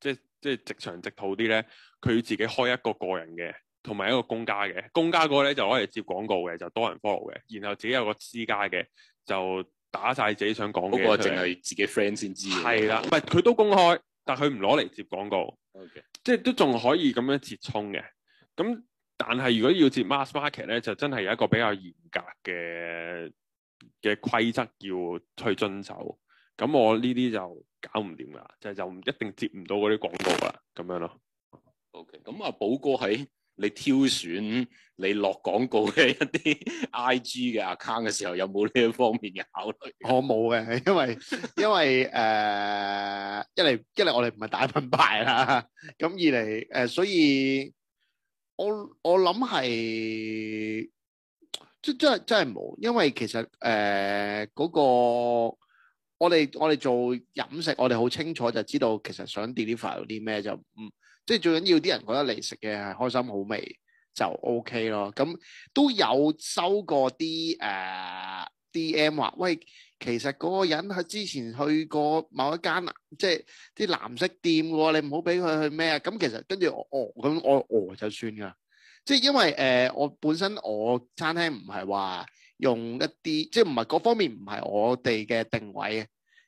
即係即係直腸直肚啲咧，佢自己開一個個人嘅，同埋一個公家嘅，公家嗰個咧就攞嚟接廣告嘅，就多人 follow 嘅，然後自己有個私家嘅就打晒自己想講嘅。不過淨係自己 friend 先知嘅。係啦，唔係佢都公開，但佢唔攞嚟接廣告。Okay. 即係都仲可以咁樣接沖嘅。咁。但係如果要接 mass market 咧，就真係有一個比較嚴格嘅嘅規則要去遵守。咁我呢啲就搞唔掂啦，就係、是、就唔一定接唔到嗰啲廣告啦，咁樣咯。O K，咁啊，寶哥喺你挑選你落廣告嘅一啲 I G 嘅 account 嘅時候，有冇呢一方面嘅考慮？我冇嘅，因為因為誒、 *laughs* 呃，一嚟一嚟我哋唔係大品牌啦，咁二嚟誒、呃，所以。我我諗係即即係真係冇，因為其實誒嗰個我哋我哋做飲食，我哋好清楚就知道其實想 deliver 啲咩就唔、嗯、即係最緊要啲人覺得嚟食嘅係開心好味就 OK 咯。咁、嗯、都有收過啲誒、呃、DM 話，喂。其實嗰個人佢之前去過某一間即係啲藍色店喎，你唔好俾佢去咩啊？咁其實跟住我餓咁、哦、我餓就算噶，即係因為誒、呃、我本身我餐廳唔係話用一啲即係唔係嗰方面唔係我哋嘅定位，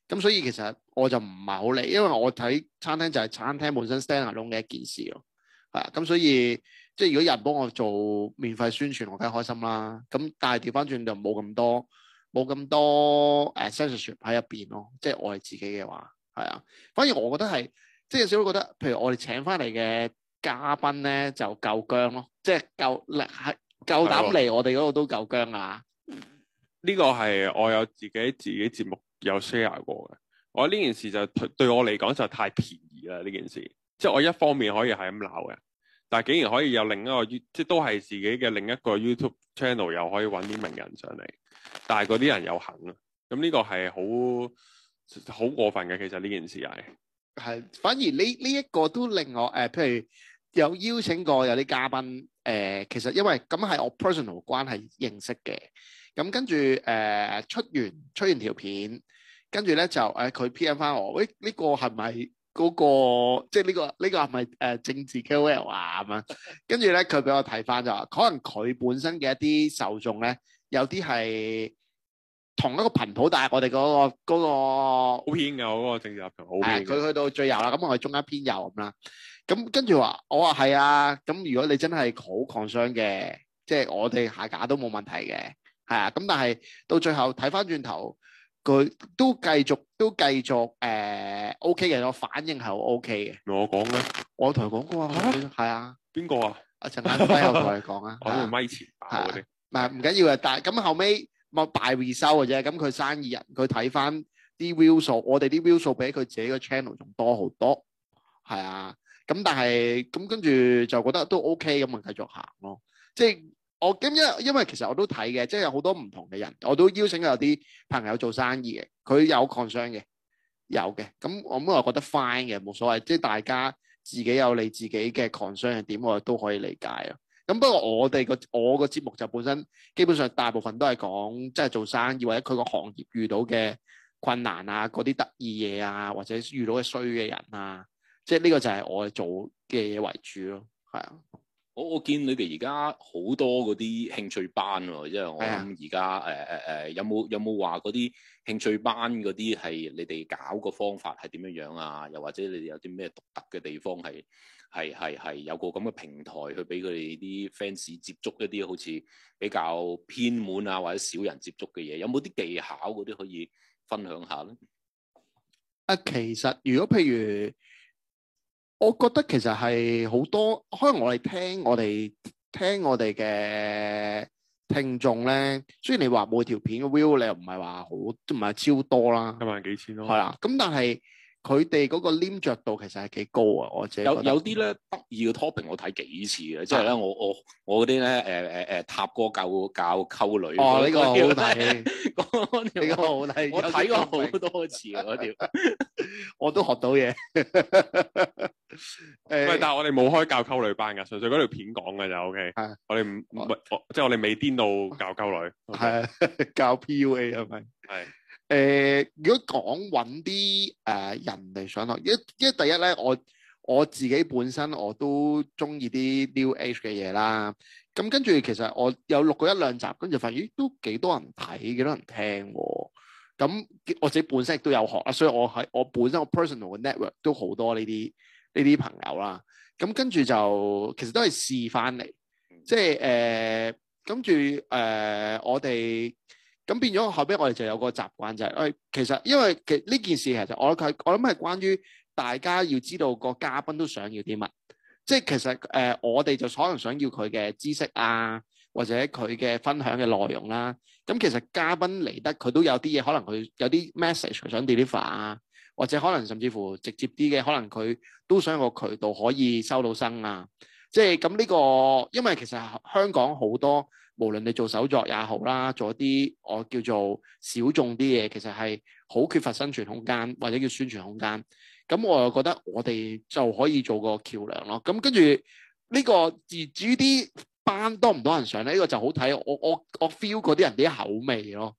咁所以其實我就唔係好理，因為我睇餐廳就係餐廳本身 standalone 嘅一件事咯，係咁所以即係如果有人幫我做免費宣傳，我梗係開心啦。咁但係調翻轉就冇咁多。冇咁多誒，censorship 喺入邊咯。即係我哋自己嘅話係啊。反而我覺得係，即係小佬覺得，譬如我哋請翻嚟嘅嘉賓咧，就夠薑咯。即係夠力，係夠膽嚟我哋嗰度都夠薑啊。呢個係我有自己自己節目有 share 過嘅。我呢件事就對，對我嚟講就太便宜啦。呢件事即係我一方面可以係咁鬧嘅，但係竟然可以有另一個，即係都係自己嘅另一個 YouTube channel 又可以搵啲名人上嚟。但係啲人有肯啊，咁呢個係好好過分嘅。其實呢件事係係，反而呢呢一個都令我誒、呃，譬如有邀請過有啲嘉賓誒、呃，其實因為咁係我 personal 關係認識嘅。咁跟住誒出完出完條片，跟住咧就誒佢、呃、P.M. 翻我，喂、哎、呢、呢個係咪嗰個即係、呢、呢個呢、呢個係咪誒政治 KOL 啊？咁啊，跟住咧佢俾我睇翻就話，可能佢本身嘅一啲受眾咧。有啲係同一個頻譜，但係我哋嗰個嗰個好偏嘅，我嗰個政治立場好偏。佢去到最右啦，咁我哋係中間偏右咁啦。咁跟住話，我話係啊。咁如果你真係好 concern 嘅，即係我哋下架都冇問題嘅。係啊。咁但係到最後睇翻轉頭，佢都繼續都繼續誒 OK 嘅。我反應係好 OK 嘅。我講嘅，我同佢講過啊。係啊。邊個啊？阿陳家輝，我同你講啊。我喺度米前。係啊。唔係唔緊要嘅，但係咁後尾大回收嘅啫。咁佢生意人，佢睇翻啲 view 數，我哋啲 view 數比佢自己個 channel 仲多好多，係啊。咁但係咁跟住就覺得都 OK，咁咪繼續行咯。即係我咁因為因為其實我都睇嘅，即係有好多唔同嘅人，我都邀請有啲朋友做生意嘅，佢有 concern 嘅，有嘅。咁、嗯、我咁又覺得 fine 嘅，冇所謂。即係大家自己有你自己嘅 concern 係點，我都可以理解啊。咁不過我哋個我個節目就本身基本上大部分都係講，即係做生意或者佢個行業遇到嘅困難啊、嗰啲得意嘢啊或者遇到嘅衰嘅人啊，即係呢個就係我做嘅嘢為主咯，係啊。我我見你哋而家好多嗰啲興趣班喎，因為的我諗而家誒誒誒有冇有冇話嗰啲興趣班嗰啲係你哋搞個方法係點樣樣啊？又或者你哋有啲咩獨特嘅地方係？係係係，有個咁嘅平台去俾佢哋啲 fans 接觸一啲好似比較偏門啊，或者少人接觸嘅嘢，有冇啲技巧嗰啲可以分享下咧？啊，其實如果譬如，我覺得其實係好多，可能我哋聽我哋聽我哋嘅聽眾咧，雖然你話每條片嘅 view 你又唔係話好，都唔係超多啦，一萬幾千咯，係啦，啊，咁但係。佢哋嗰個黏着度其實係幾高啊！我有有啲咧得意嘅 topic，我睇幾次嘅，即係咧我我我嗰啲咧誒誒誒，塔哥教教溝女。哦，呢個幾好睇，呢個好睇，我睇過好多次啊！我條我都學到嘢。喂，但係我哋冇開教溝女班噶，純粹嗰條片講嘅就 OK。係，我哋唔唔即係我哋未顛到教溝女。係教 PUA 係咪？係。誒、呃，如果講揾啲誒人嚟上學，因，因為第一咧，我我自己本身我都中意啲 New Age 嘅嘢啦。咁、嗯、跟住其實我有錄過一兩集，跟住發現咦都幾多人睇，幾多人聽喎、啊。咁、嗯、我自己本身亦都有學啦、啊，所以我喺我本身我 personal 嘅 network 都好多呢啲呢啲朋友啦。咁、嗯、跟住就其實都係試翻嚟，即係誒、呃、跟住誒、呃、我哋。咁變咗後尾，我哋就有個習慣就係，誒，其實因為其實呢件事其實我諗係，我諗係關於大家要知道個嘉賓都想要啲乜，即係其實誒，我哋就可能想要佢嘅知識啊，或者佢嘅分享嘅內容啦。咁其實嘉賓嚟得，佢都有啲嘢，可能佢有啲 message 想 deliver 啊，或者可能甚至乎直接啲嘅，可能佢都想個渠道可以收到聲啊。即係咁呢個，因為其實香港好多。無論你做手作也好啦，做一啲我叫做小眾啲嘢，其實係好缺乏生存空間或者叫宣傳空間。咁我又覺得我哋就可以做個橋梁咯。咁跟住呢個自主啲班多唔多人上咧，呢個就好睇我我我 feel 嗰啲人啲口味咯。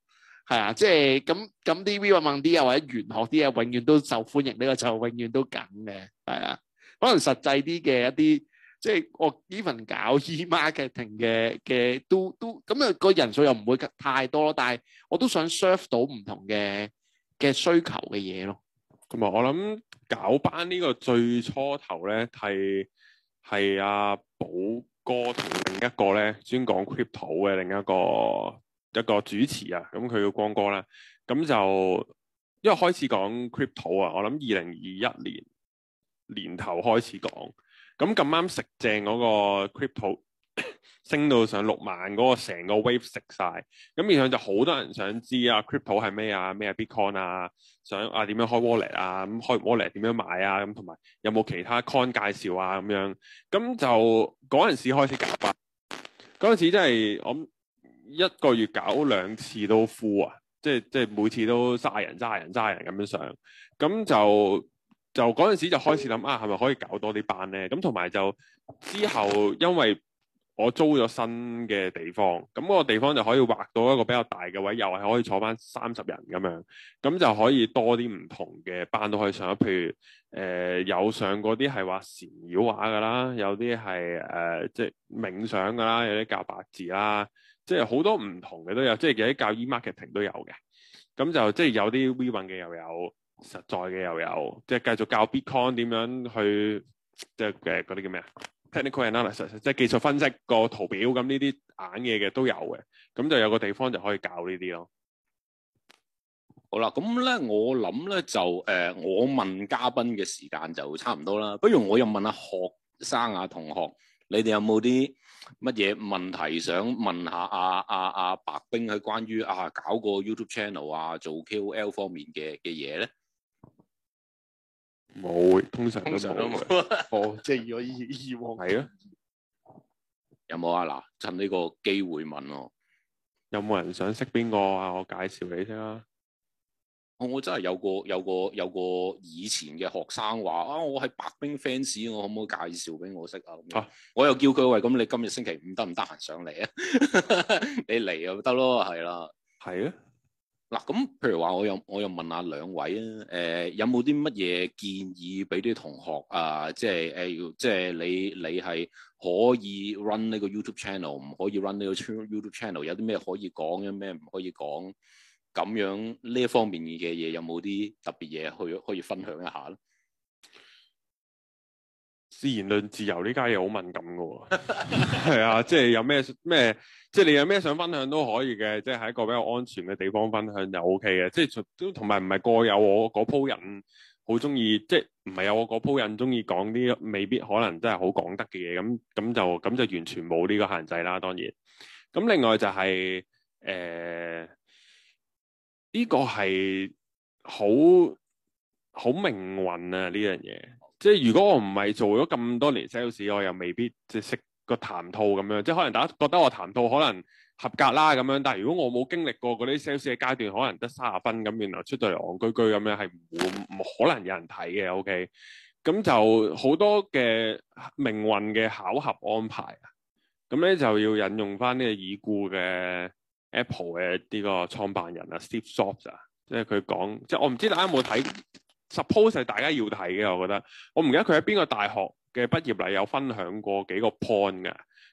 係啊，即係咁咁啲 vintage 啲啊或者玄學啲啊，永遠都受歡迎。呢個就永遠都緊嘅，係啊。可能實際啲嘅一啲。一即係我 even 搞 e-marketing 嘅嘅都都咁啊，個人數又唔會太多咯，但係我都想 serve 到唔同嘅嘅需求嘅嘢咯。同埋、嗯、我諗搞班呢個最初頭咧係係阿寶哥同另一個咧專講 crypto 嘅另一個一個主持啊，咁佢叫光哥啦。咁就因為開始講 crypto 啊，我諗二零二一年年頭開始講。咁咁啱食正嗰個 crypto *coughs* 升到上六萬，嗰個成個 wave 食晒。咁然後就好多人想知啊，crypto 係咩啊？咩啊 Bitcoin 啊？想啊點樣開 wallet 啊？咁開 wallet 點樣買啊？咁同埋有冇其他 coin 介紹啊？咁樣咁就嗰陣時開始搞翻。嗰陣時真係我諗一個月搞兩次都 full 啊！即係即係每次都揸人揸人揸人咁樣上。咁就就嗰陣時就開始諗啊，係咪可以搞多啲班咧？咁同埋就之後，因為我租咗新嘅地方，咁嗰個地方就可以畫到一個比較大嘅位，又係可以坐翻三十人咁樣，咁就可以多啲唔同嘅班都可以上。譬如誒、呃，有上嗰啲係畫禪繞畫噶啦，有啲係誒即冥想噶啦，有啲教八字啦，即係好多唔同嘅都有。即係有啲教 e-marketing 都有嘅，咁就即係有啲 rebound 嘅又有。實在嘅又有，有，即係繼續教 Bitcoin 點樣去，即係誒嗰啲叫咩啊？Technical analysis，即係技術分析個圖表咁呢啲硬嘢嘅都有嘅，咁就有個地方就可以教呢啲咯。好啦，咁咧我諗咧就誒、呃，我問嘉賓嘅時間就差唔多啦。不如我又問下學生啊同學，你哋有冇啲乜嘢問題想問，問下阿阿阿白兵喺關於啊搞個 YouTube channel 啊做 KOL 方面嘅嘅嘢咧？冇，通常都冇。有有哦，即係以我以以往係咯。 *laughs* 的有冇啊？嗱，趁呢個機會問我，有冇人想識邊個啊？我介紹你先啦。我真係有個有個有個以前嘅學生話啊，我係白兵 fans，我可唔可以介紹俾我識啊？我又叫佢喂，咁你今日星期五得唔得閒上嚟啊？ *laughs* 你嚟又得咯，係啦。係啊。嗱，咁譬如話，我又我又問下兩位啊，誒、呃、有冇啲乜嘢建議俾啲同學啊、呃？即係誒、呃、即係你你係可以 run 呢個 YouTube channel，唔可以 run 呢個 YouTube channel？有啲咩可以講，有咩唔可以講？咁樣呢一方面嘅嘢有冇啲特別嘢去可，可以分享一下咧？自言論自由呢家嘢好敏感嘅喎、哦，係 *laughs* *laughs* 啊，即、就、係、是、有咩咩？即係你有咩想分享都可以嘅，即係喺一個比較安全嘅地方分享就 OK 嘅。即係都同埋唔係個有我嗰鋪那個、人好中意，即係唔係有我嗰鋪人中意講啲未必可能真係好講得嘅嘢。咁咁就咁就完全冇呢個限制啦。當然，咁另外就係誒呢個係好好命運啊呢樣嘢。即係如果我唔係做咗咁多年 sales，我又未必即係識。個談吐咁樣，即係可能大家覺得我談吐可能合格啦咁樣，但係如果我冇經歷過嗰啲 sales 嘅階段，可能得三十分咁，原來出到嚟戇居居咁樣，係唔唔可能有人睇嘅。OK，咁就好多嘅命運嘅巧合安排啊。咁咧就要引用翻呢個已故嘅 Apple 嘅呢個創辦人啊，Steve Jobs 啊，即係佢講，即係我唔知大家有冇睇，Suppose 係大家要睇嘅，我覺得。我唔記得佢喺邊個大學嘅畢業禮有分享過幾個 point 嘅，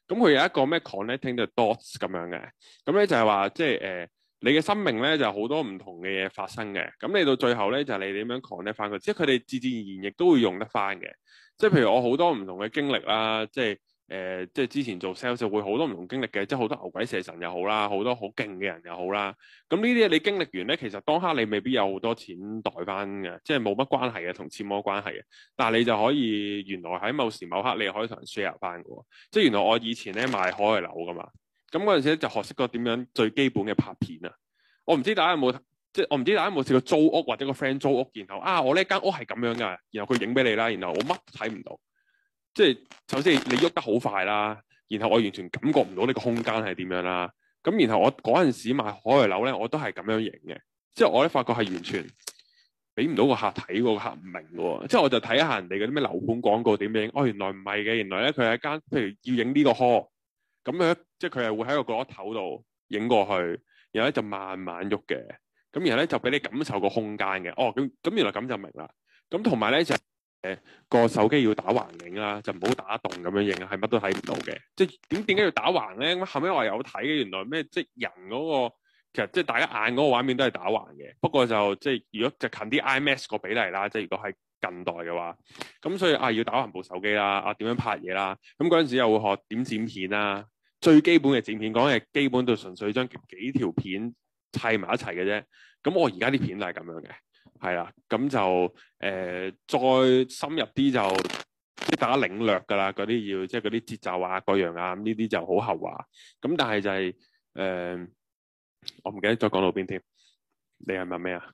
咁佢有一個咩 connecting the dots 咁樣嘅，咁咧就係話即係誒你嘅生命咧就係、是、好多唔同嘅嘢發生嘅，咁你到最後咧就係、是、你點樣 connect 翻佢，即係佢哋自自然然亦都會用得翻嘅，即係譬如我好多唔同嘅經歷啦、啊，即係。誒、呃，即係之前做 sales 會好多唔同經歷嘅，即係好多牛鬼蛇神又好啦，很多很好多好勁嘅人又好啦。咁呢啲你經歷完咧，其實當刻你未必有好多錢袋翻嘅，即係冇乜關係嘅，同錢冇關係嘅。但係你就可以原來喺某時某刻你可以同人 share 翻嘅。即係原來我以前咧賣海外樓噶嘛，咁嗰陣時咧就學識咗點樣最基本嘅拍片啊。我唔知大家有冇，即係我唔知大家有冇試過租屋或者個 friend 租屋，然後啊，我呢間屋係咁樣噶，然後佢影俾你啦，然後我乜都睇唔到。即係首先你喐得好快啦，然後我完全感覺唔到呢個空間係點樣啦。咁然後我嗰陣時買海外樓咧，我都係咁樣影嘅。之後我咧發覺係完全俾唔到個客睇，個客唔明嘅。之後我就睇下人哋嗰啲咩樓盤廣告點影。哦，原來唔係嘅，原來咧佢係一間，譬如要影呢個 hall，咁樣即係佢係會喺個角落頭度影過去，然後咧就慢慢喐嘅。咁然後咧就俾你感受個空間嘅。哦，咁咁原來咁就明啦。咁同埋咧就是。誒，個手機要打橫影啦，就唔好打動咁樣影，係乜都睇唔到嘅。即係點點解要打橫咧？咁後尾我又有睇，原來咩即係人嗰、嗰個，其實即係大家眼嗰個畫面都係打橫嘅。不過就即係如果就近啲 imax 個比例啦，即係如果係近代嘅話，咁所以啊要打橫部手機啦，啊點樣拍嘢啦？咁嗰陣時又會學點剪片啦，最基本嘅剪片講，講嘅基本就純粹將幾條片砌埋一齊嘅啫。咁我而家啲片就係咁樣嘅。係啦，咁就誒、呃、再深入啲就即係大家領略㗎啦，嗰啲要即係嗰啲節奏啊、各樣啊，呢啲就好後話。咁但係就係、是、誒、呃，我唔記得再講到邊添。你係問咩啊？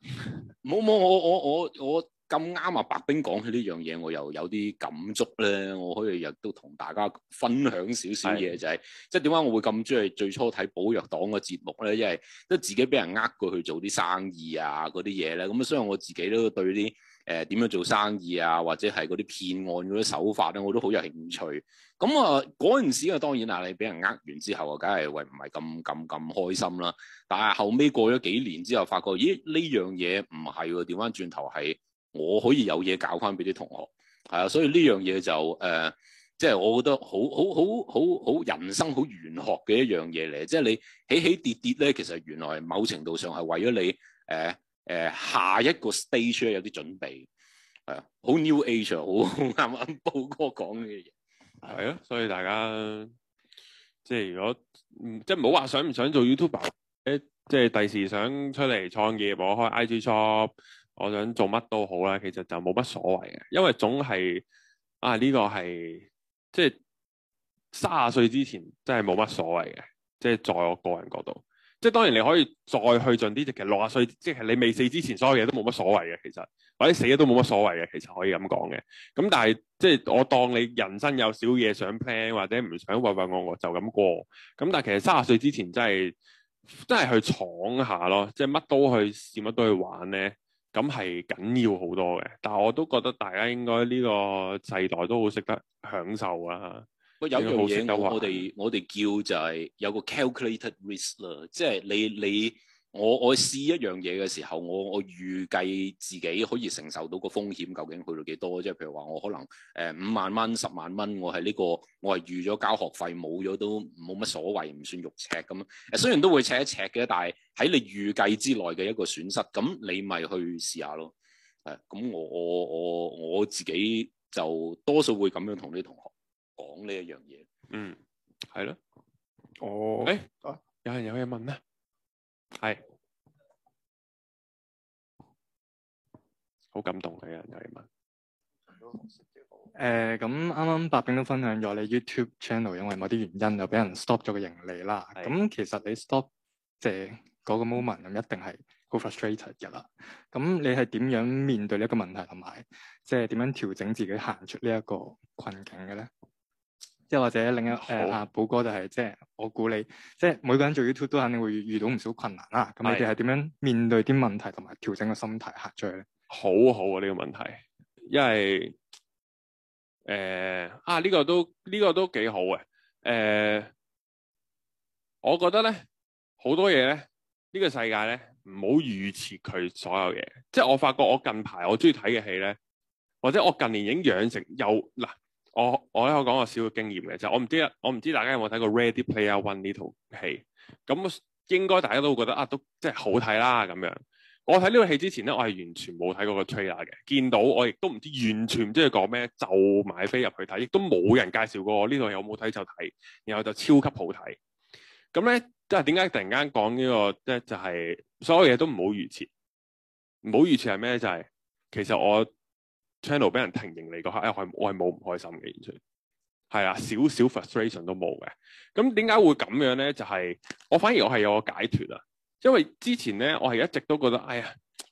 冇冇我我我我。我我我咁啱啊！白兵講起呢樣嘢，我又有啲感觸咧。我可以亦都同大家分享少少嘢，的就係即係點解我會咁中意最初睇寶藥黨嘅節目咧？因為即係自己俾人呃過去做啲生意啊，嗰啲嘢咧。咁啊，所以我自己都對啲誒點樣做生意啊，或者係嗰啲騙案嗰啲手法咧，我都好有興趣。咁啊，嗰陣時啊，當然啊，你俾人呃完之後啊，梗係喂唔係咁咁咁開心啦。但係後尾過咗幾年之後，發覺咦呢樣嘢唔係喎，調翻轉頭係。我可以有嘢搞翻俾啲同學，係啊，所以呢樣嘢就誒、呃，即係我覺得好好好好好人生好玄學嘅一樣嘢嚟，即係你起起跌跌咧，其實原來某程度上係為咗你誒誒、呃、下一個 stage 有啲準備，係啊，好 new age，好啱啱寶哥講嘅嘢，係啊。所以大家即係如果即係唔好話想唔想做 YouTuber，誒，即係第時想出嚟創業，我開 IG shop。我想做乜都好啦，其實就冇乜所謂嘅，因為總係啊，呢個係即係卅歲之前真係冇乜所謂嘅，即係在我個人角度，即係當然你可以再去盡啲，即係六十歲，即係你未死之前，所有嘢都冇乜所謂嘅，其實或者死咗都冇乜所謂嘅，其實可以咁講嘅。咁但係即係我當你人生有少嘢想 plan 或者唔想渾渾噩噩就咁過，咁但係其實卅歲之前真係真係去闖下咯，即係乜都去試，乜都去玩咧。咁係緊要好多嘅，但我都覺得大家應該呢個世代都好識得享受啊！喂，有一樣嘢我哋我哋叫，就係有個 calculated risk 即係你你。你我我試一樣嘢嘅時候，我我預計自己可以承受到個風險，究竟去到幾多？即係譬如話，我可能誒、呃、五萬蚊、十萬蚊，我係呢、呢個，我係預咗交學費，冇咗都冇乜所謂，唔算肉赤咁。誒、呃，雖然都會赤一赤嘅，但係喺你預計之內嘅一個損失，咁你咪去試下咯。誒、嗯，咁我我我我自己就多數會咁樣同啲同學講呢一樣嘢。嗯，係咯。我誒，欸啊、有人有嘢問咧？係好。Yes. 感動你啊，戴文。誒，咁啱啱，白兵都分享咗你 YouTube channel，因為某啲原因又俾人 stop 咗個盈利啦。咁 Yes. 其實你 stop 即係嗰個 moment，咁一定係好 frustrated 噶啦。咁你係點樣面對呢一個問題，同埋即係點樣調整自己行出呢一個困境嘅咧？即係或者另一誒，阿好、呃、寶哥就係即係我估你，即、就、係、是、每個人做 YouTube 都肯定會遇到唔少困難啦。咁是你哋係點樣面對啲問題同埋調整個心態嚇住咧？好好啊！呢、這個問題，因為誒、呃、啊，呢、這個都呢、這個都幾好嘅。誒、呃，我覺得咧好多嘢咧，呢、這個世界咧唔好預設佢所有嘢。即係我發覺我近排我中意睇嘅戲咧，或者我近年已經養成有。嗱。我我咧，我講個少嘅經驗嘅，就係我唔知，我唔知大家有冇睇過《Ready Player One》呢套戲？咁應該大家都會覺得啊，都即係好睇啦咁樣。我睇呢套戲之前咧，我係完全冇睇過個 trailer 嘅，見到，我亦都唔知，完全唔知佢講咩，就買飛入去睇，亦都冇人介紹過我呢套，有冇睇就睇，然後就超級好睇。咁咧，即係點解突然間講呢個咧？就係所有嘢都唔好預設，唔好預設係咩，就係其實我。channel 俾人停營嚟嗰刻我，我係我係冇唔開心嘅，完全係啊，少少 frustration 都冇嘅。咁點解會咁樣咧？就係、是、我反而我係有個解脫啊。因為之前咧，我係一直都覺得，哎呀，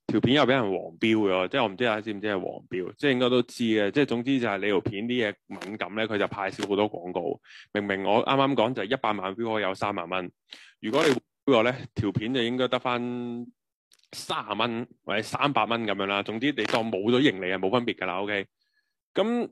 條片又俾人黃標咗，即係我唔知大家知唔知係黃標，即係應該都知嘅。即係總之就係你條片啲嘢敏感咧，佢就派少好多廣告。明明我啱啱講就係一百萬 view 可以有三萬蚊，如果你 view 我咧，條片就應該得翻。三十蚊或者三百蚊咁樣啦，總之你當冇咗盈利係冇分別噶啦。OK，咁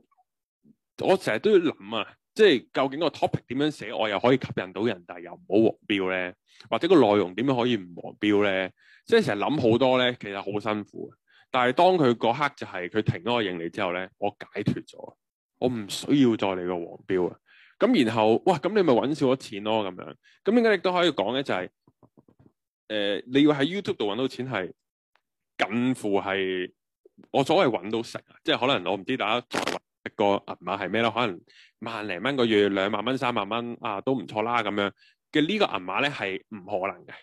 我成日都要諗啊，即係究竟個 topic 點樣寫，我又可以吸引到人，但係又唔好黃標咧，或者個內容點樣可以唔黃標咧？即係成日諗好多咧，其實好辛苦。但係當佢嗰刻就係佢停咗個盈利之後咧，我解脫咗，我唔需要再嚟個黃標啊。咁然後，哇！咁你咪搵少咗錢咯咁樣。咁點解亦都可以講咧、就是？就係。誒、呃，你要喺 YouTube 度揾到錢係近乎係我所謂揾到食啊，即係可能我唔知大家一個銀碼係咩啦，可能萬零蚊個月兩萬蚊三萬蚊啊都唔錯啦咁樣嘅、這個、呢個銀碼咧係唔可能嘅，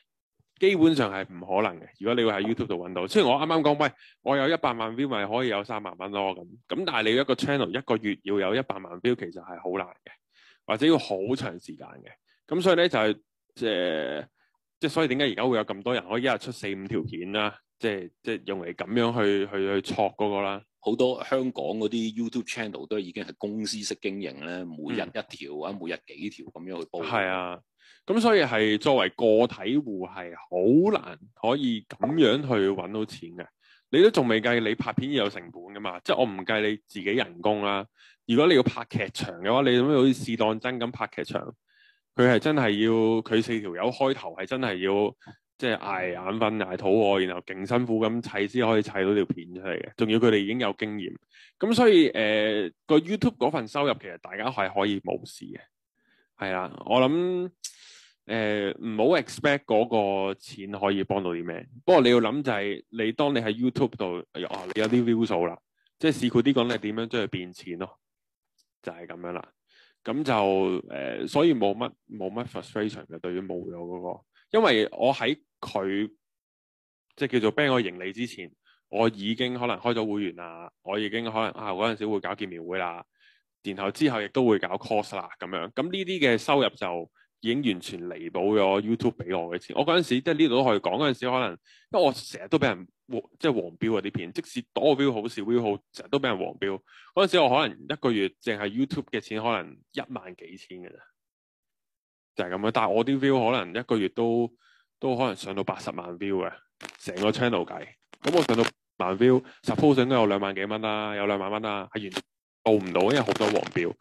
基本上係唔可能嘅。如果你要喺 YouTube 度揾到，雖然我啱啱講喂，我有一百萬 view 咪可以有三萬蚊咯咁，咁但係你要一個 channel 一個月要有一百萬 view 其實係好難嘅，或者要好長時間嘅。咁所以咧就係、是、誒。呃即係所以點解而家會有咁多人可以一日出四五條片啦？即係即係用嚟咁樣去去去撮嗰個啦。好多香港嗰啲 YouTube channel 都已經係公司式經營咧，每日一條啊、嗯、每日幾條咁樣去播。係啊，咁所以係作為個體戶係好難可以咁樣去揾到錢嘅。你都仲未計你拍片要有成本噶嘛？即係我唔計你自己人工啦、啊。如果你要拍劇場嘅話，你咁樣好似試當真咁拍劇場。佢係真係要，佢四條友開頭係真係要，即係挨眼瞓挨肚餓，然後勁辛苦咁砌先可以砌到條片出嚟嘅。仲要佢哋已經有經驗，咁所以誒個、呃、YouTube 嗰份收入其實大家係可以冇事嘅。係啦，我諗誒唔、呃、好 expect 嗰個錢可以幫到啲咩。不過你要諗就係、是，你當你喺 YouTube 度、啊，你有啲 view 數啦，即係試過啲講你點樣將佢變錢咯，就係、是、咁樣啦。咁就誒、呃，所以冇乜冇乜 frustration 嘅，對於冇咗嗰個，因為我喺佢即係叫做畀我盈利之前，我已經可能開咗會員啊，我已經可能啊嗰陣時會搞見面會啦，然後之後亦都會搞 course 啦咁樣，咁呢啲嘅收入就。已經完全彌補咗 YouTube 俾我嘅錢。我嗰陣時即係呢度都可以講嗰陣時，可能因為我成日都俾人即係黃標嗰啲片。即使多 view 好少 view 好，成日都俾人黃標。嗰陣時我可能一個月淨係 YouTube 嘅錢可能一萬幾千嘅啫，就係、是、咁樣。但係我啲 view 可能一個月都都可能上到八十萬 view 嘅，成個 channel 計。咁我上到萬 view，suppose 都有兩萬幾蚊啦，有兩萬蚊啦、啊，係完全做唔到，到，因為好多黃標。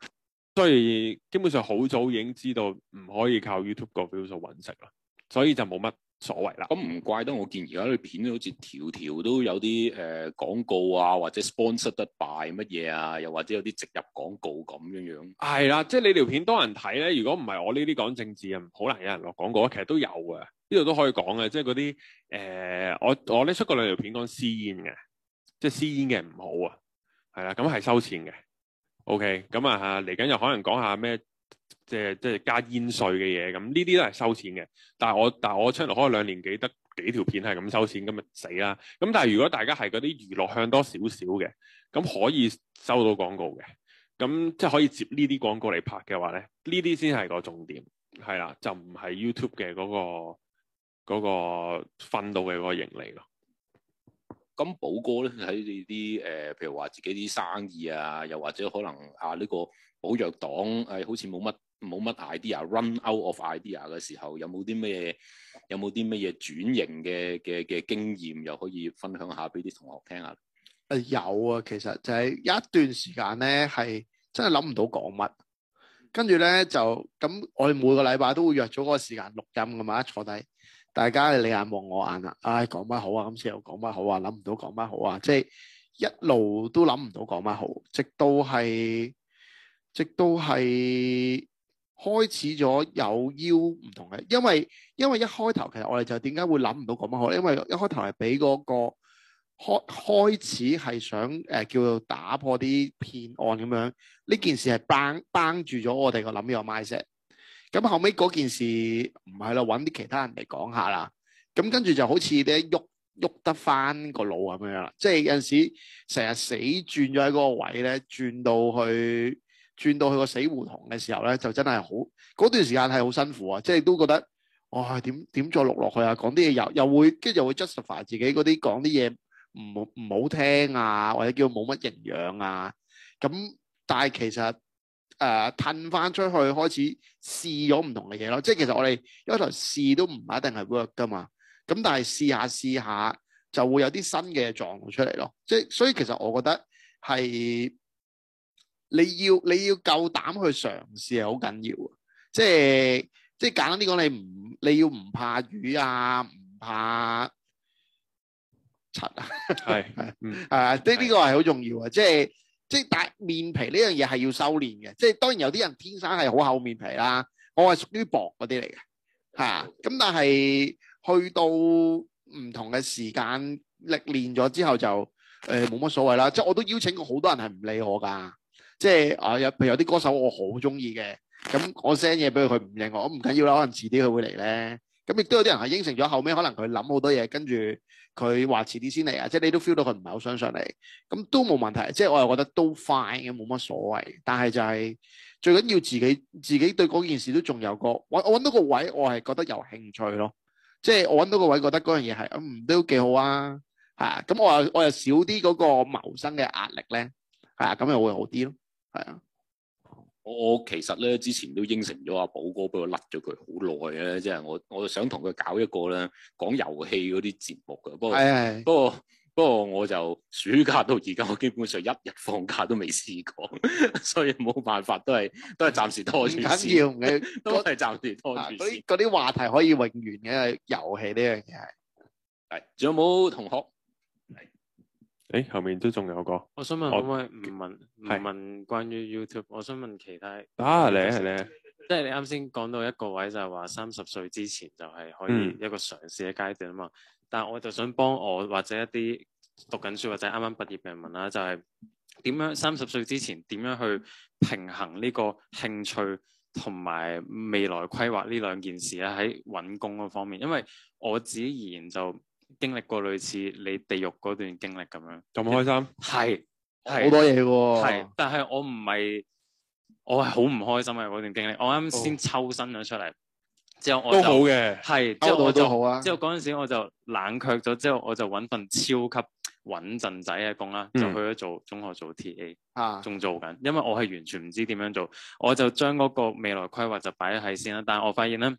所以基本上好早已經知道唔可以靠 YouTube 個表數揾食咯，所以就冇乜所謂啦。咁唔怪得我見而家啲片好似條條都有啲誒廣告啊，或者 sponsored by 乜嘢啊，又或者有啲植入廣告咁樣樣。係啦，即係你條片多人睇咧，如果唔係我呢啲講政治啊，好難有人落廣告啊。其實都有啊。呢度都可以講嘅，即係嗰啲誒，我我咧出過兩條片講私煙嘅，即係私煙嘅唔好啊，係啦，咁係收錢嘅。O.K. 咁啊嚇，嚟緊又可能講下咩，即係即係加煙稅嘅嘢咁，呢、嗯、啲都係收錢嘅。但係我但係我 channel 開兩年幾得幾條片係咁收錢，咁咪死啦。咁、嗯、但係如果大家係嗰啲娛樂向多少少嘅，咁、嗯、可以收到廣告嘅，咁、嗯、即係可以接呢啲廣告嚟拍嘅話咧，呢啲先係個重點，係啦，就唔係 YouTube 嘅嗰個嗰個分到嘅嗰個盈利咯。咁寶哥咧喺你啲誒，譬如話自己啲生意啊，又或者可能啊呢、這個寶藥黨誒、呃，好似冇乜冇乜 idea，run out of idea 嘅時候，有冇啲咩？有冇啲乜嘢轉型嘅嘅嘅經驗，又可以分享下俾啲同學聽下？誒、呃、有啊，其實就係一段時間咧，係真係諗唔到講乜，跟住咧就咁，我哋每個禮拜都會約咗個時間錄音噶嘛，一坐低。大家你眼望我眼啦，唉、哎，講乜好啊？今次又講乜好啊？諗唔到講乜好啊！即係一路都諗唔到講乜好，直到係直到係開始咗有腰唔同嘅，因為因為一開頭其實我哋就點解會諗唔到講乜好？因為一開頭係俾嗰個開開始係、那個、想誒、呃、叫做打破啲騙案咁樣呢件事係綁綁住咗我哋個諗樣 mindset 咁後尾嗰件事唔係啦，揾啲其他人嚟講下啦。咁跟住就好似咧喐喐得翻個腦咁樣啦。即係有陣時成日死轉咗喺嗰個位咧，轉到去轉到去個死胡同嘅時候咧，就真係好嗰段時間係好辛苦啊！即係都覺得，哇點點再錄落去啊？講啲嘢又又會跟住又會 justify 自己嗰啲講啲嘢唔唔好聽啊，或者叫冇乜營養啊。咁但係其實。誒，褪翻、呃、出去開始試咗唔同嘅嘢咯，即係其實我哋一開頭試都唔一定係 work 噶嘛，咁但係試下試下就會有啲新嘅狀況出嚟咯，即係所以其實我覺得係你要你要夠膽去嘗試係好緊要，即係即係簡單啲講，你唔你要唔怕魚啊，唔怕塵啊，係 *laughs* 係嗯啊，呢呢、呃、是個係好重要啊，即係。即係大面皮呢樣嘢係要修練嘅，即係當然有啲人天生係好厚面皮啦，我係屬於薄嗰啲嚟嘅嚇。咁但係去到唔同嘅時間歷練咗之後就誒冇乜所謂啦。即係我都邀請過好多人係唔理我㗎，即係啊有譬如有啲歌手我好中意嘅，咁我 send 嘢俾佢唔應我，唔緊要啦，可能遲啲佢會嚟咧。咁亦都有啲人係應承咗，後尾可能佢諗好多嘢，跟住。佢話遲啲先嚟啊，即係你都 feel 到佢唔係好相信你，咁都冇問題，即係我又覺得都 fine 嘅，冇乜所謂。但係就係、是、最緊要自己自己對嗰件事都仲有個我揾到個位，我係覺得有興趣咯。即係我揾到個位，覺得嗰樣嘢係嗯都幾好啊，嚇咁、啊、我我又少啲嗰個謀生嘅壓力咧，係啊，咁又會好啲咯，係啊。我其實咧之前都應承咗阿寶哥，不過甩咗佢好耐咧，即係我我就想同佢搞一個咧講遊戲嗰啲節目嘅，不過是是是不過不過我就暑假到而家，我基本上一日放假都未試過， *laughs* 所以冇辦法都係都係暫時拖住先。唔緊要嘅， *laughs* 都係暫時拖住先。嗰啲啲話題可以永遠嘅遊戲呢樣嘢係，係仲有冇同學？誒、欸，後面都仲有個，我想問我可唔可以唔問唔是問關於 YouTube，我想問其他。啊，你係你，即係你啱先講到一個位，就係話三十歲之前就係可以一個嘗試嘅階段啊嘛。嗯、但係我就想幫我或者一啲讀緊書或者啱啱畢業嘅人問啦，就係、是、點樣三十歲之前點樣去平衡呢個興趣同埋未來規劃呢兩件事咧？喺揾工嗰方面，因為我自己而言就。經歷過類似你地獄嗰段經歷咁樣，咁開心？係，好是多嘢嘅。係，但係我唔係，我係好唔開心嘅嗰段經歷。我啱先抽身咗出嚟，之後我都好嘅。係，抽到都好啊。之後嗰陣時我就冷卻咗，之後我就揾、啊、份超級穩陣仔嘅工啦，就去咗做中學做 TA，仲做緊。因為我係完全唔知點樣做，我就將嗰個未來規劃就擺喺係先啦。但我發現咧，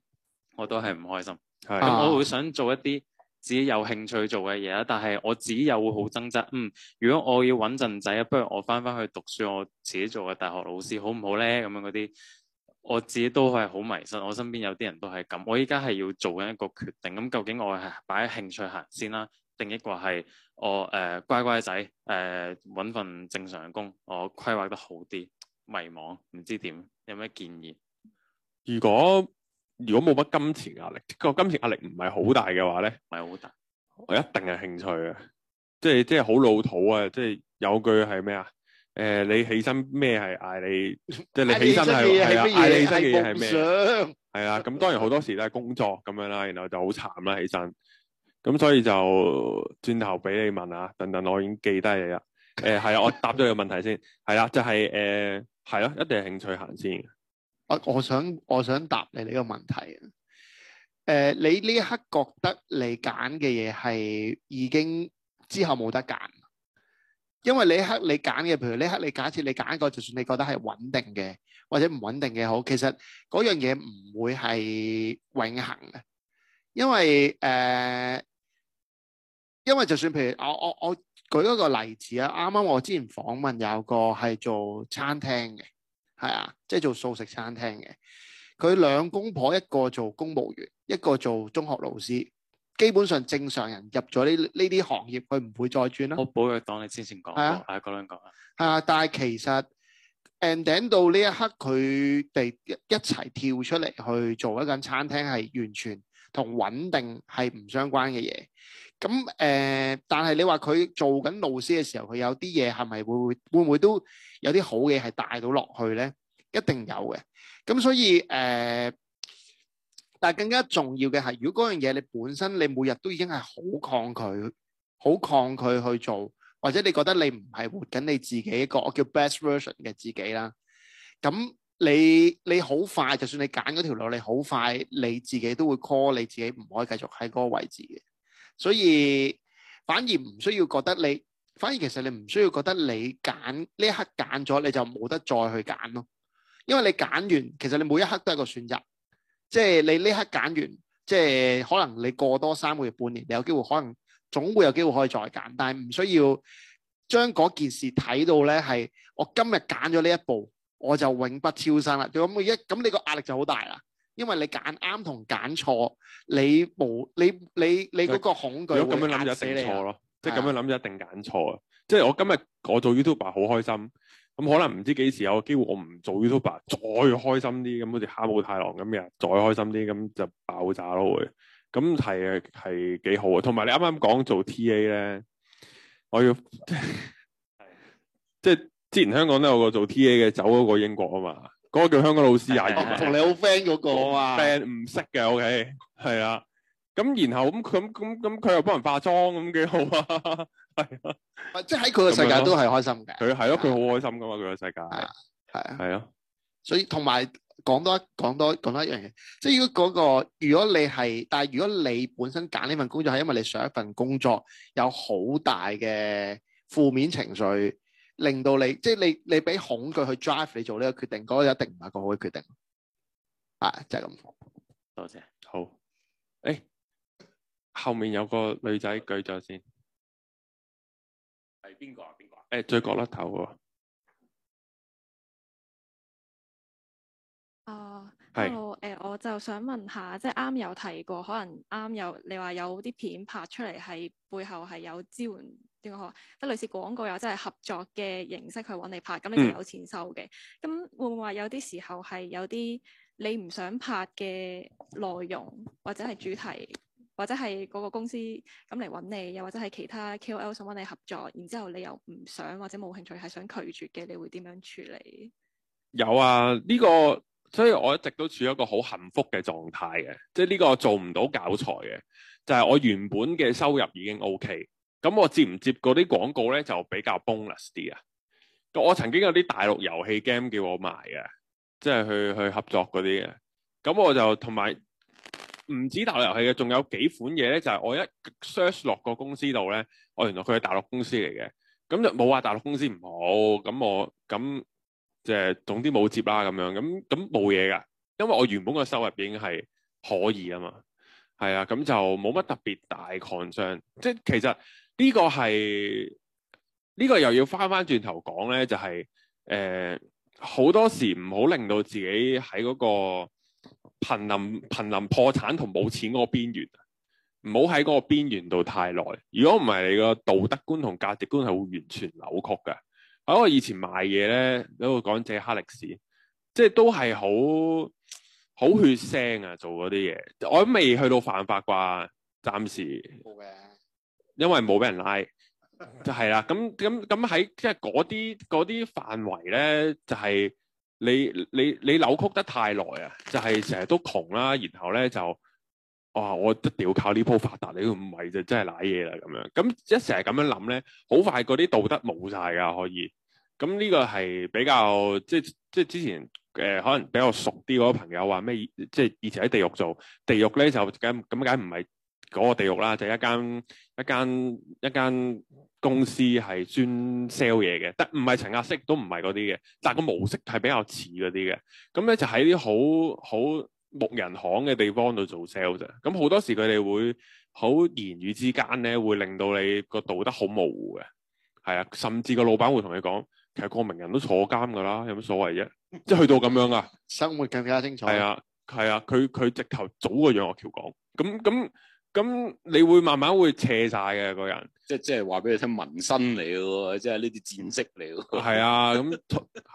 我都係唔開心。咁、嗯、的我會想做一啲。自己有興趣做嘅嘢啦，但係我自己又會好掙扎。嗯，如果我要穩陣仔啊，不如我翻翻去讀書，我自己做嘅大學老師好唔好咧？咁樣嗰啲，我自己都係好迷失。我身邊有啲人都係咁。我依家係要做緊一個決定，咁、嗯、究竟我係擺喺興趣行先啦，定抑或係我誒、呃、乖乖仔誒揾、呃、份正常嘅工，我規劃得好啲？迷茫，唔知點，有咩建議？如果如果冇乜金錢壓力，個金錢壓力唔係好大嘅話咧，唔係好大，我一定係興趣嘅，即係即係好老土啊！即係有句係咩啊？誒，你起身咩係嗌你？即係你起身係係啊！嗌你起身嘅嘢係咩？係啊，咁當然好多時都係工作咁樣啦，然後就好慘啦，起身咁，所以就轉頭俾你問啊！等等，我已經記低你啦。誒，係啊，我答咗個問題先，係啦，就係誒，係咯，一定係興趣行先。我想我想答你呢個問題啊，呃，你呢刻覺得你揀嘅嘢係已經之後冇得揀，因為你呢刻你揀嘅，譬如呢刻你假設你揀一個，就算你覺得係穩定嘅或者唔穩定嘅好，其實嗰樣嘢唔會係永恆嘅，因為誒，呃，因為就算譬如我我我舉一個例子啊，啱啱我之前訪問有個係做餐廳嘅。係啊，即係做素食餐廳嘅。佢兩公婆一個做公務員，一個做中學老師，基本上正常人入咗呢呢啲行業，佢唔會再轉啦。我補佢句，你之前講，係啊，係嗰兩講啊。係啊，但係其實 ending 到呢一刻，佢哋一一齊跳出嚟去做一間餐廳，係完全。同穩定係唔相關嘅嘢，咁誒、呃，但係你話佢做緊老師嘅時候，佢有啲嘢係咪會會唔會都有啲好嘢係帶到落去咧？一定有嘅，咁所以誒、呃，但係更加重要嘅係，如果嗰樣嘢你本身你每日都已經係好抗拒、好抗拒去做，或者你覺得你唔係活緊你自己一個叫 best version 嘅自己啦，咁。你你好快，就算你揀嗰條路，你好快你自己都會 call 你自己，唔可以繼續喺嗰個位置嘅。所以反而唔需要覺得你，反而其實你唔需要覺得你揀呢刻揀咗，你就冇得再去揀咯。因為你揀完，其實你每一刻都係一個選擇，即係你呢刻揀完，即係可能你過多三個月、半年，你有機會可能總會有機會可以再揀，但係唔需要將嗰件事睇到咧係我今日揀咗呢一步。我就永不超生啦，咁我一咁你個壓力就好大啦，因為你揀啱同揀錯，你冇，你你你嗰個恐懼咁樣諗就一定錯，壓死你咯，即係咁樣諗就一定揀錯，的即係我今日我做 YouTube 好開心，咁可能唔知幾時有個機會我唔做 YouTube 再開心啲，咁好似哈姆太郎咁嘅，再開心啲咁就爆炸咯會，咁係係幾好啊，同埋你啱啱講做 TA 咧，我要 *laughs* 即係即係。之前香港都有個做 TA 嘅走嗰個英國啊嘛，嗰、嗰個叫香港老師阿爺，同的的你好 friend 嗰個啊嘛，friend 唔識嘅，OK 係啊，咁然後咁咁咁咁佢又幫人化妝咁幾好啊，係啊，即係喺佢嘅世界都係開心嘅，佢係咯，佢好的開心噶嘛，佢嘅的世界係啊，係啊，係咯，的的所以同埋講多講多講多一樣嘢，即係如果嗰個如果你係，但係如果你本身揀呢份工作係因為你上一份工作有好大嘅負面情緒。令到你即係你，你俾恐懼去 drive 你做呢個決定，嗰個一定唔係個好嘅決定，係就係咁。多謝。好。誒，後面有個女仔舉咗先，係邊個啊？邊個？誒，最角落頭喎。啊。係。誒，我就想問下，即係啱有提過，可能啱有你話有啲片拍出嚟係背後係有支援。點即類似廣告，又真係合作嘅形式，去搵你拍，咁你就有錢收嘅。咁、嗯、會唔會話有啲時候係有啲你唔想拍嘅內容，或者係主題，或者係嗰個公司咁嚟搵，你又或者係其他 KOL 想搵你合作，然後之後你又唔想或者冇興趣，係想拒絕嘅，你會點樣處理？有啊，呢、這個所以我一直都處於一個好幸福嘅狀態嘅，即係呢個做唔到教材嘅，就係、是、我原本嘅收入已經 OK。咁我接唔接嗰啲廣告咧就比較 bonus 啲啊。咁我曾經有啲大陸遊戲 game 叫我賣嘅，即係去去合作嗰啲嘅。咁我就同埋唔止大陸遊戲嘅，仲有幾款嘢咧，就係我一 search 落個公司度咧，我原來佢係大陸公司嚟嘅。咁就冇話大陸公司唔好，咁我咁即係總之冇接啦咁樣。咁咁冇嘢噶，因為我原本個收入已經係可以啊嘛。係啊，咁就冇乜特別大擴張。即係其實。呢個係呢個又要翻翻轉頭講咧，就係誒好多時唔好令到自己喺嗰個瀕臨瀕臨破產同冇錢嗰個邊緣，唔好喺嗰個邊緣度太耐。如果唔係，你個道德觀同價值觀係會完全扭曲噶，啊。我以前賣嘢咧，都講借黑歷史，即係都係好好血腥啊！做嗰啲嘢，我都未去到犯法啩，暫時。因為冇俾人拉，就係、是、啦。咁咁咁喺即係嗰啲啲範圍咧，就係、是、你你你扭曲得太耐啊！就係成日都窮啦、啊，然後咧就哇，我都屌靠呢鋪發達，你唔係就真係賴嘢啦咁樣。咁一成日咁樣諗咧，好快嗰啲道德冇晒噶。可以咁，呢個係比較即係即係之前誒、呃、可能比較熟啲嗰個朋友話咩？即係以前喺地獄做地獄咧，就咁咁解唔係。嗰個地獄啦，就係、一間一間一間公司係專 sell 嘢嘅，但唔係陳亞飾都唔係嗰啲嘅，但係個模式係比較似嗰啲嘅。咁咧就喺啲好好牧人行嘅地方度做 sell 啫。咁好多時佢哋會好言語之間咧，會令到你個道德好模糊嘅。係啊，甚至個老闆會同你講，其實個名人都坐監噶啦，有乜所謂啫？即係去到咁樣啊， *laughs* 生活更加精彩。」係啊，係啊，佢佢直頭早個楊岳橋講咁咁。咁你會慢慢會斜晒嘅個人，即係即係話俾你聽紋身嚟嘅，即係呢啲戰績嚟嘅。係 *laughs* 啊，咁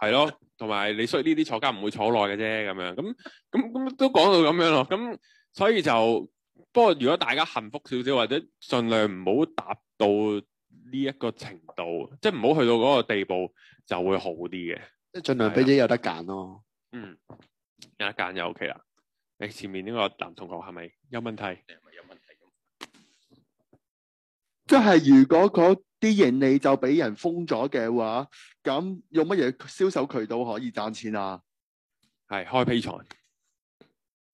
係咯，同埋 *laughs* 你需呢啲坐監唔會坐耐嘅啫，咁樣咁咁咁都講到咁樣咯。咁所以就不過如果大家幸福少少或者盡量唔好達到呢一個程度，即係唔好去到嗰個地步，就會好啲嘅。即係盡量俾啲有得揀咯，哦啊。嗯，有得揀就 O K 啦。誒，前面呢個男同學係咪有問題？ *noise* 即係如果嗰啲盈利，就俾人封咗嘅話，咁用乜嘢銷售渠道可以賺錢啊？係開 Patreon，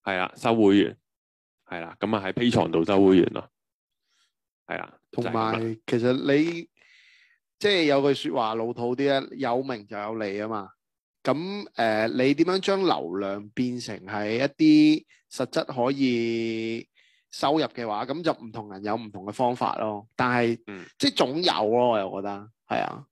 係啦收會員，係啦，咁啊喺 Patreon 度收會員咯，係啦。同埋，其實你即係有句說話老土啲咧，有名就有利啊嘛。咁誒、呃，你點樣將流量變成係一啲實質可以？收入嘅話，咁就唔同人有唔同嘅方法咯。但係，嗯、即係總有咯，我又覺得係啊。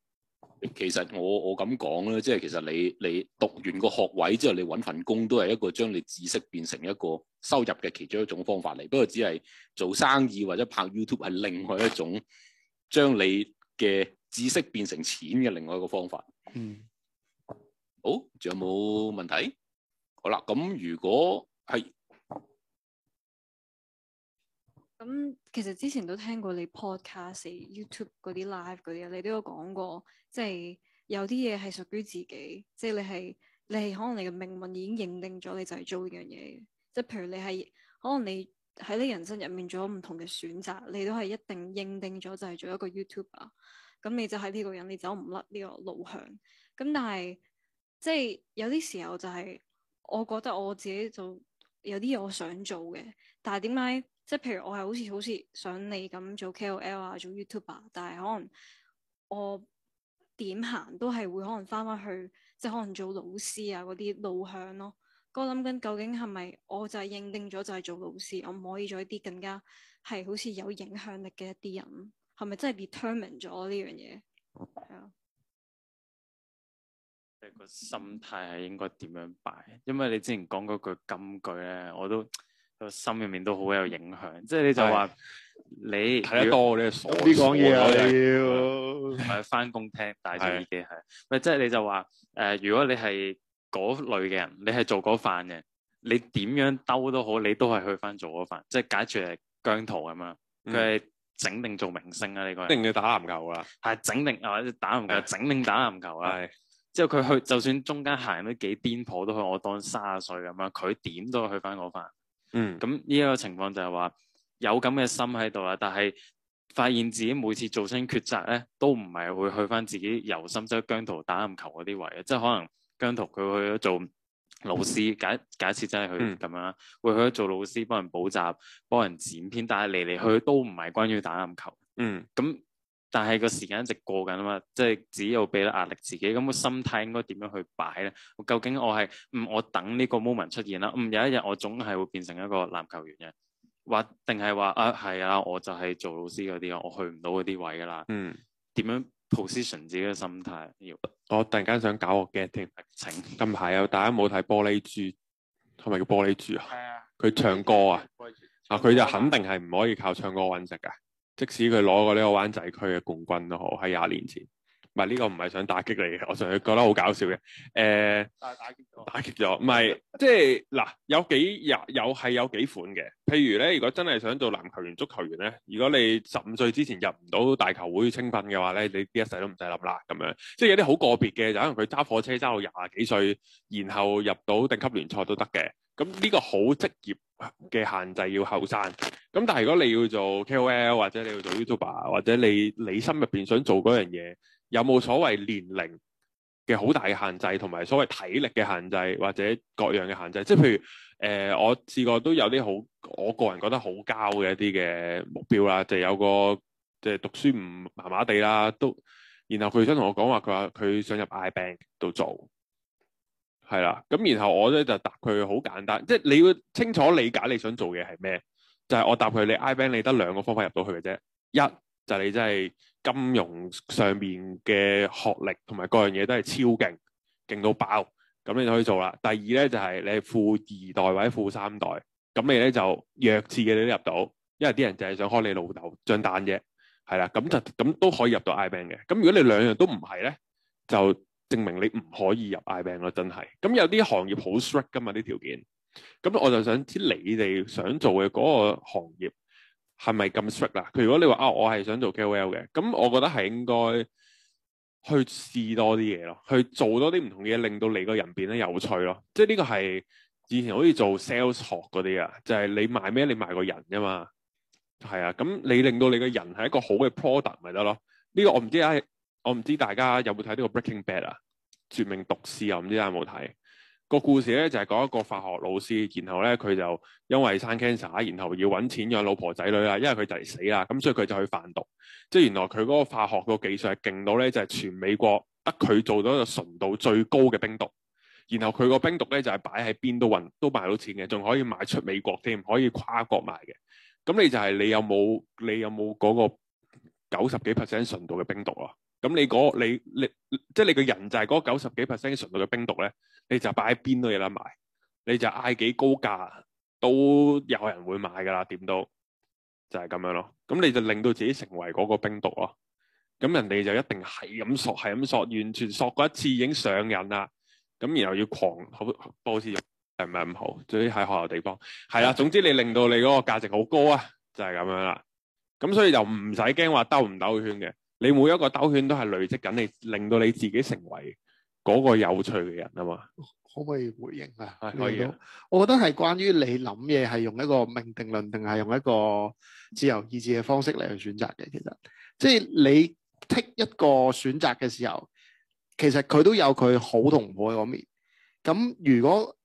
其實我我咁講啦，即係其實你你讀完個學位之後，你揾份工都係一個將你知識變成一個收入嘅其中一種方法嚟。不過只係做生意或者拍 YouTube 係另外一種將你嘅知識變成錢嘅另外一個方法。嗯。好，仲有冇問題？好啦，咁如果係。咁其實之前都聽過你 podcast、YouTube 嗰啲 live 嗰啲啊，你都有講過，即係有啲嘢係屬於自己，即係你係你係可能你嘅命運已經認定咗，你就係做呢樣嘢嘅。即係譬如你係可能你喺你人生入面做咗唔同嘅選擇，你都係一定認定咗就係做一個 YouTube 啊。咁你就係呢個人，你走唔甩呢個路向。咁但係即係有啲時候就係，我覺得我自己就有啲嘢我想做嘅，但係點解？即係譬如我係好似好似想你咁做 KOL 啊，做 YouTuber，但係可能我點行都係會可能翻返去，即係可能做老師啊嗰啲路向咯。我諗緊究竟係咪我就係認定咗就係做老師，我唔可以做一啲更加係好似有影響力嘅一啲人，係咪真係 determine 咗呢樣嘢？係好啊，即係個心態係應該點樣擺？因為你之前講嗰句金句咧，我都。個心入面都好有影響，即係你就話你睇得多，你傻。唔好講嘢啊！你要係翻工聽，戴住耳機係。咪即係你就話誒，如果你係嗰類嘅人，你係做嗰份嘅，你點樣兜都好，你都係去翻做嗰份，即係解決嚟姜濤咁樣。佢係整定做明星啊？呢個人定要打籃球啊？係整定或者打籃球，整定打籃球啊？係。之後佢去，就算中間行得幾癲婆都去我當卅歲咁樣，佢點都去翻嗰份。嗯，咁呢一個情況就係話有咁嘅心喺度啦，但係發現自己每次做出抉擇咧，都唔係會去翻自己由心即姜濤打籃球嗰啲位，即係可能姜濤佢去咗做老師，嗯、假假設真係佢咁樣啦，嗯、會去咗做老師幫人補習，幫人剪片，但係嚟嚟去去、嗯、都唔係關於打籃球。嗯，咁。但係個時間一直過緊啊嘛，即係自己又俾咗壓力自己，咁個心態應該點樣去擺咧？究竟我係唔、嗯、我等呢個 moment 出現啦？唔、嗯、有一日我總係會變成一個籃球員嘅，或定係話啊係啊，我就係做老師嗰啲啊，我去唔到嗰啲位噶啦。嗯，點樣 position 自己嘅心態？要我突然間想搞個 gathering 請。近排啊大家冇睇玻璃珠，係咪叫玻璃珠啊？係啊，佢唱歌啊，啊佢、嗯、就肯定係唔可以靠唱歌揾食噶。即使佢攞過呢個灣仔區嘅冠軍都好，喺廿年前，唔係呢個唔係想打擊你嘅，我純係覺得好搞笑嘅。誒、呃，打擊咗，打擊咗，唔係，即係嗱，有幾廿，有係有幾款嘅。譬如咧，如果真係想做籃球員、足球員咧，如果你十五歲之前入唔到大球會青訓嘅話咧，你啲一世都唔使諗啦咁樣。即係有啲好個別嘅，就可能佢揸火車揸到廿幾歲，然後入到頂級聯賽都得嘅。咁呢個好職業嘅限制要後生，咁但係如果你要做 KOL 或者你要做 YouTuber 或者你你心入邊想做嗰樣嘢，有冇所謂年齡嘅好大嘅限制，同埋所謂體力嘅限制或者各樣嘅限制？即係譬如誒、呃，我試過都有啲好，我個人覺得好膠嘅一啲嘅目標啦，就係、有個即係、就係、讀書唔麻麻地啦，都然後佢想同我講話，佢話佢想入 I Bank 度做。係啦，咁然後我咧就答佢好簡單，即係你要清楚理解你想做嘅係咩，就係、是、我答佢，你 I-bank 你得兩個方法入到去嘅啫，一就是、你真係金融上面嘅學歷同埋各樣嘢都係超勁，勁到爆，咁你就可以做啦。第二咧就係、是、你係富二代或者富三代，咁你咧就弱智嘅你都入到，因為啲人爸爸就係想開你老豆張單啫，係啦，咁就咁都可以入到 I-bank 嘅。咁如果你兩樣都唔係咧，就。證明你唔可以入 I，Bing 咯，真係。咁有啲行業好 strict 噶嘛，啲條件。咁我就想知你哋想做嘅嗰個行業係咪咁 strict 啦？佢如果你話啊，我係想做 KOL 嘅，咁我覺得係應該去試多啲嘢咯，去做多啲唔同嘢，令到你個人變得有趣咯。即係呢個係以前好似做 sales 學嗰啲啊，就係你賣咩？你賣個人噶嘛。係啊，咁你令到你個人係一個好嘅 product 咪得咯？呢個我唔知啊。我唔知大家有冇睇呢個《Breaking Bad》啊，《絕命毒師》啊，唔知大家有冇睇個故事咧，就係講一個化學老師，然後咧佢就因為生 cancer，然後要揾錢養老婆仔女啊，因為佢就嚟死啦，咁所以佢就去販毒，即係原來佢嗰個化學個技術係勁到咧，就係全美國得佢做咗個純度最高嘅冰毒，然後佢個冰毒咧就係擺喺邊度運都賣到錢嘅，仲可以賣出美國添，可以跨國賣嘅。咁你就係，你有冇你有冇嗰個九十幾 percent 純度嘅冰毒咯。咁你嗰你即你即係你個人就係嗰九十幾 percent 純度嘅冰毒咧，你就擺喺邊都有得賣，你就嗌幾高價都有人會買噶啦，點都就係咁樣咯。咁你就令到自己成為嗰個冰毒咯。咁人哋就一定係咁索，係咁索，完全索過一次已經上癮啦。咁然後要狂好，好似又係咪咁好？最喺學校地方係啦。總之你令到你嗰個價值好高啊，就係咁樣啦。咁所以就唔使驚話兜唔兜圈嘅。你每一個兜圈都係累積緊你，令到你自己成為嗰個有趣嘅人啊嘛？可唔可以回應啊？可以，我覺得係關於你諗嘢係用一個命定論，定係用一個自由意志嘅方式嚟去選擇嘅。其實，即係你 take 一個選擇嘅時候，其實佢都有佢好同唔好嘅一面。咁如果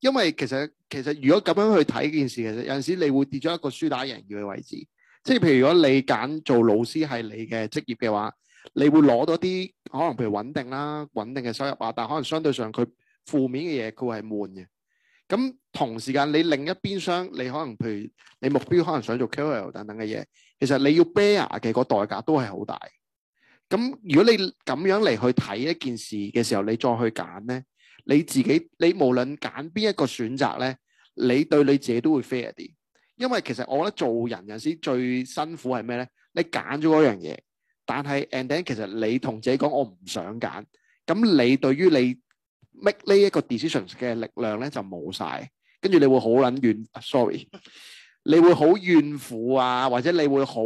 因為其實其實如果咁樣去睇件事，其實有陣時你會跌咗一個輸打贏要嘅位置。即係譬如如果你揀做老師係你嘅職業嘅話，你會攞到啲可能譬如穩定啦、穩定嘅收入啊，但可能相對上佢負面嘅嘢，佢會係悶嘅。咁同時間你另一邊廂，你可能譬如你目標可能想做 KOL 等等嘅嘢，其實你要 bear 嘅個代價都係好大。咁如果你咁樣嚟去睇一件事嘅時候，你再去揀咧，你自己，你無論揀邊一個選擇咧，你對你自己都會 fair 啲。因為其實我覺得做人有時最辛苦係咩咧？你揀咗嗰樣嘢，但係 ending 其實你同自己講我唔想揀，咁你對於你 make 呢一個 decisions 嘅力量咧就冇晒，跟住你會好捻怨，sorry，你會好怨苦啊，或者你會好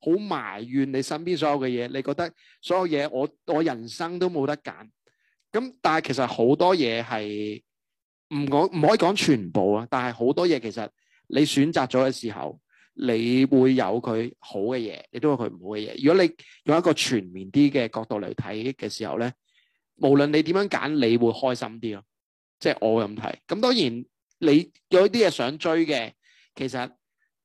好埋怨你身邊所有嘅嘢，你覺得所有嘢我我人生都冇得揀，咁但係其實好多嘢係唔講唔可以講全部啊，但係好多嘢其實。你選擇咗嘅時候，你會有佢好嘅嘢，你都有佢唔好嘅嘢。如果你用一個全面啲嘅角度嚟睇嘅時候咧，無論你點樣揀，你會開心啲咯。即係我咁睇。咁當然你有啲嘢想追嘅，其實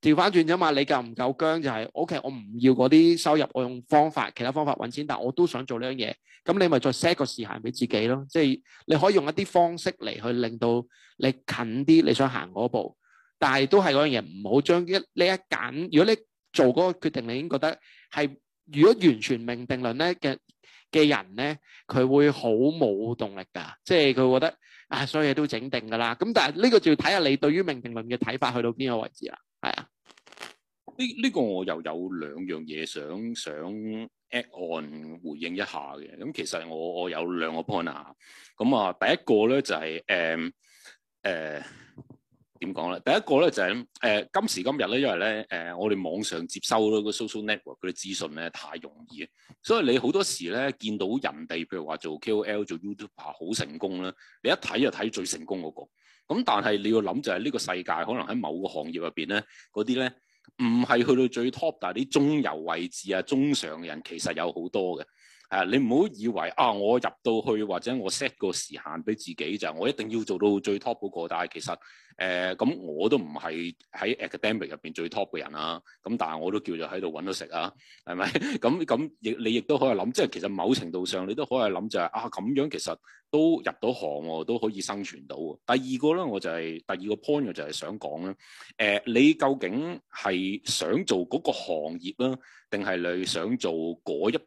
調翻轉啫嘛。你夠唔夠僵就係 OK，我唔要嗰啲收入，我用方法其他方法揾錢，但係我都想做呢樣嘢。咁你咪再 set 個時限俾自己咯。即係你可以用一啲方式嚟去令到你近啲你想行嗰步。但係都係嗰樣嘢，唔好將一呢一揀。如果你做嗰個決定，你已經覺得係，如果完全命定論咧嘅嘅人咧，佢會好冇動力噶。即係佢覺得啊，所有嘢都整定噶啦。咁但係呢個就要睇下你對於命定論嘅睇法去到邊個位置啦。係啊，呢呢個我又有兩樣嘢想想 add on 回應一下嘅。咁其實我我有兩個 point 啊。咁啊，第一個咧就係誒誒。呃呃點講咧？第一個咧就係、是、誒、呃、今時今日咧，因為咧誒、呃、我哋網上接收咯個 social network 嗰啲資訊咧太容易，所以你好多時咧，見到人哋譬如話做 KOL 做 YouTuber 好成功啦。你一睇就睇最成功嗰個。咁但係你要諗就係呢個世界可能喺某個行業入邊咧，嗰啲咧唔係去到最 top，但係啲中游位置啊、中上嘅人其實有好多嘅。誒，你唔好以為啊，我入到去或者我 set 個時限俾自己就係、是、我一定要做到最 top 嗰個，但係其實誒咁、呃、我都唔係喺 academic 入邊最 top 嘅人啦。咁但係我都叫做喺度揾到食啊，係咪？咁咁亦你亦都可以諗，即係其實某程度上你都可以諗就係、是、啊咁樣，其實都入到行喎，都可以生存到。第二個咧，我就係、是、第二個 point 我就係想講咧，誒、呃，你究竟係想做嗰個行業啦，定係你想做嗰一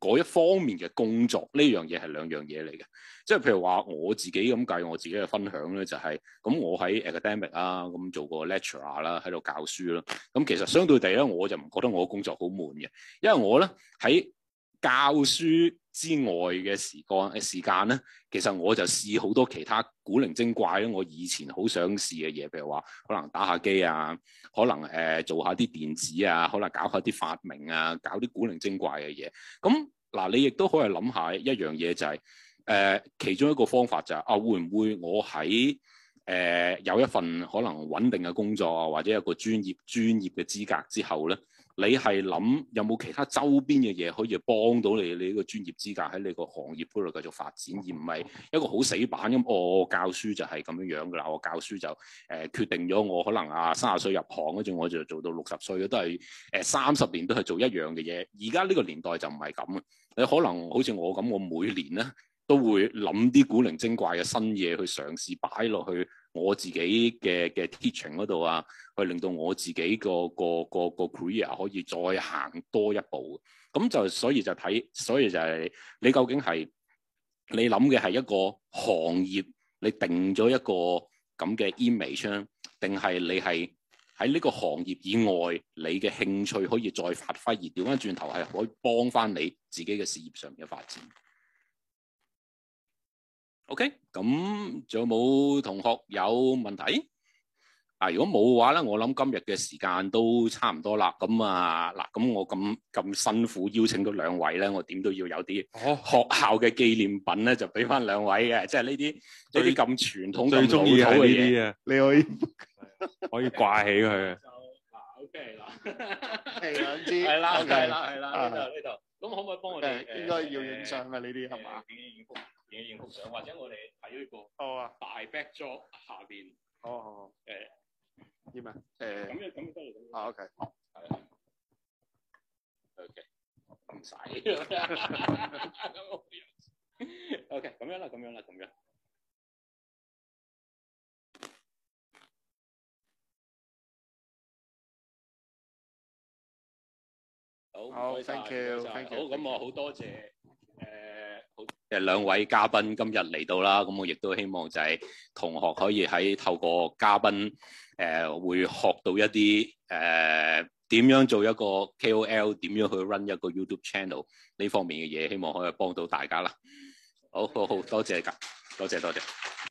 嗰一方面嘅工作呢樣嘢，係兩樣嘢嚟嘅，即係譬如話我自己咁計，我自己嘅分享咧就係、是，咁我喺 academic 啊，咁做過 lecture 啦，喺度教書啦，咁其實相對地咧，我就唔覺得我嘅工作好悶嘅，因為我咧喺。教書之外嘅時光、誒時間咧，其實我就試好多其他古靈精怪咯。我以前好想試嘅嘢，譬如話可能打下機啊，可能誒、呃、做下啲電子啊，可能搞下啲發明啊，搞啲古靈精怪嘅嘢。咁嗱，你亦都可以諗下一樣嘢、就係，就係誒其中一個方法就係、係、啊，會唔會我喺誒、呃、有一份可能穩定嘅工作啊，或者有個專業專業嘅資格之後咧？你係諗有冇其他周邊嘅嘢可以幫到你？你呢個專業資格喺你個行業度繼續發展，而唔係一個好死板咁、哦。我教書就係咁樣樣㗎啦。我教書就誒、呃、決定咗我可能啊三十歲入行，跟住我就做到六十歲，都係誒三十年都係做一樣嘅嘢。而家呢個年代就唔係咁嘅。你可能好似我咁，我每年咧都會諗啲古靈精怪嘅新嘢去嘗試擺落去。我自己嘅嘅 teaching 度啊，去令到我自己個個個 career 可以再行多一步嘅，咁就所以就睇，所以就係、就是、你究竟係你諗嘅係一個行業，你定咗一個咁嘅 image，定係你係喺呢個行業以外，你嘅興趣可以再發揮，而調翻轉頭係可以幫翻你自己嘅事業上面嘅發展。OK，咁仲有冇同學有問題？嗱、啊，如果冇嘅話咧，我諗今日嘅時間都差唔多啦。咁啊，嗱，咁我咁咁辛苦邀請到兩位咧，我點都要有啲學校嘅紀念品咧，就俾翻兩位嘅、啊，即係呢啲呢啲咁傳統最中意係嘅嘢啊，你可以 *laughs* 可以掛起佢啊。係啦，係兩支，係啦，係啦，係啦，呢度呢度，咁可唔可以幫我哋？應該要影相㗎呢啲係嘛？影影影幅，影影幅相，或者我哋睇呢個，哦啊，大 back 桌下邊，哦，好好，誒，點啊？誒，咁樣咁樣得啦，啊 OK，係啊，OK，唔使，OK，咁樣啦，咁樣啦，咁樣。好，thank you，thank you，咁我好多謝誒，好誒兩位嘉賓今日嚟到啦，咁我亦都希望就係同學可以喺透過嘉賓誒會學到一啲誒點樣做一個 KOL，點樣去 run 一個 YouTube channel 呢方面嘅嘢，希望可以幫到大家啦。好好好多謝噶，多謝多謝。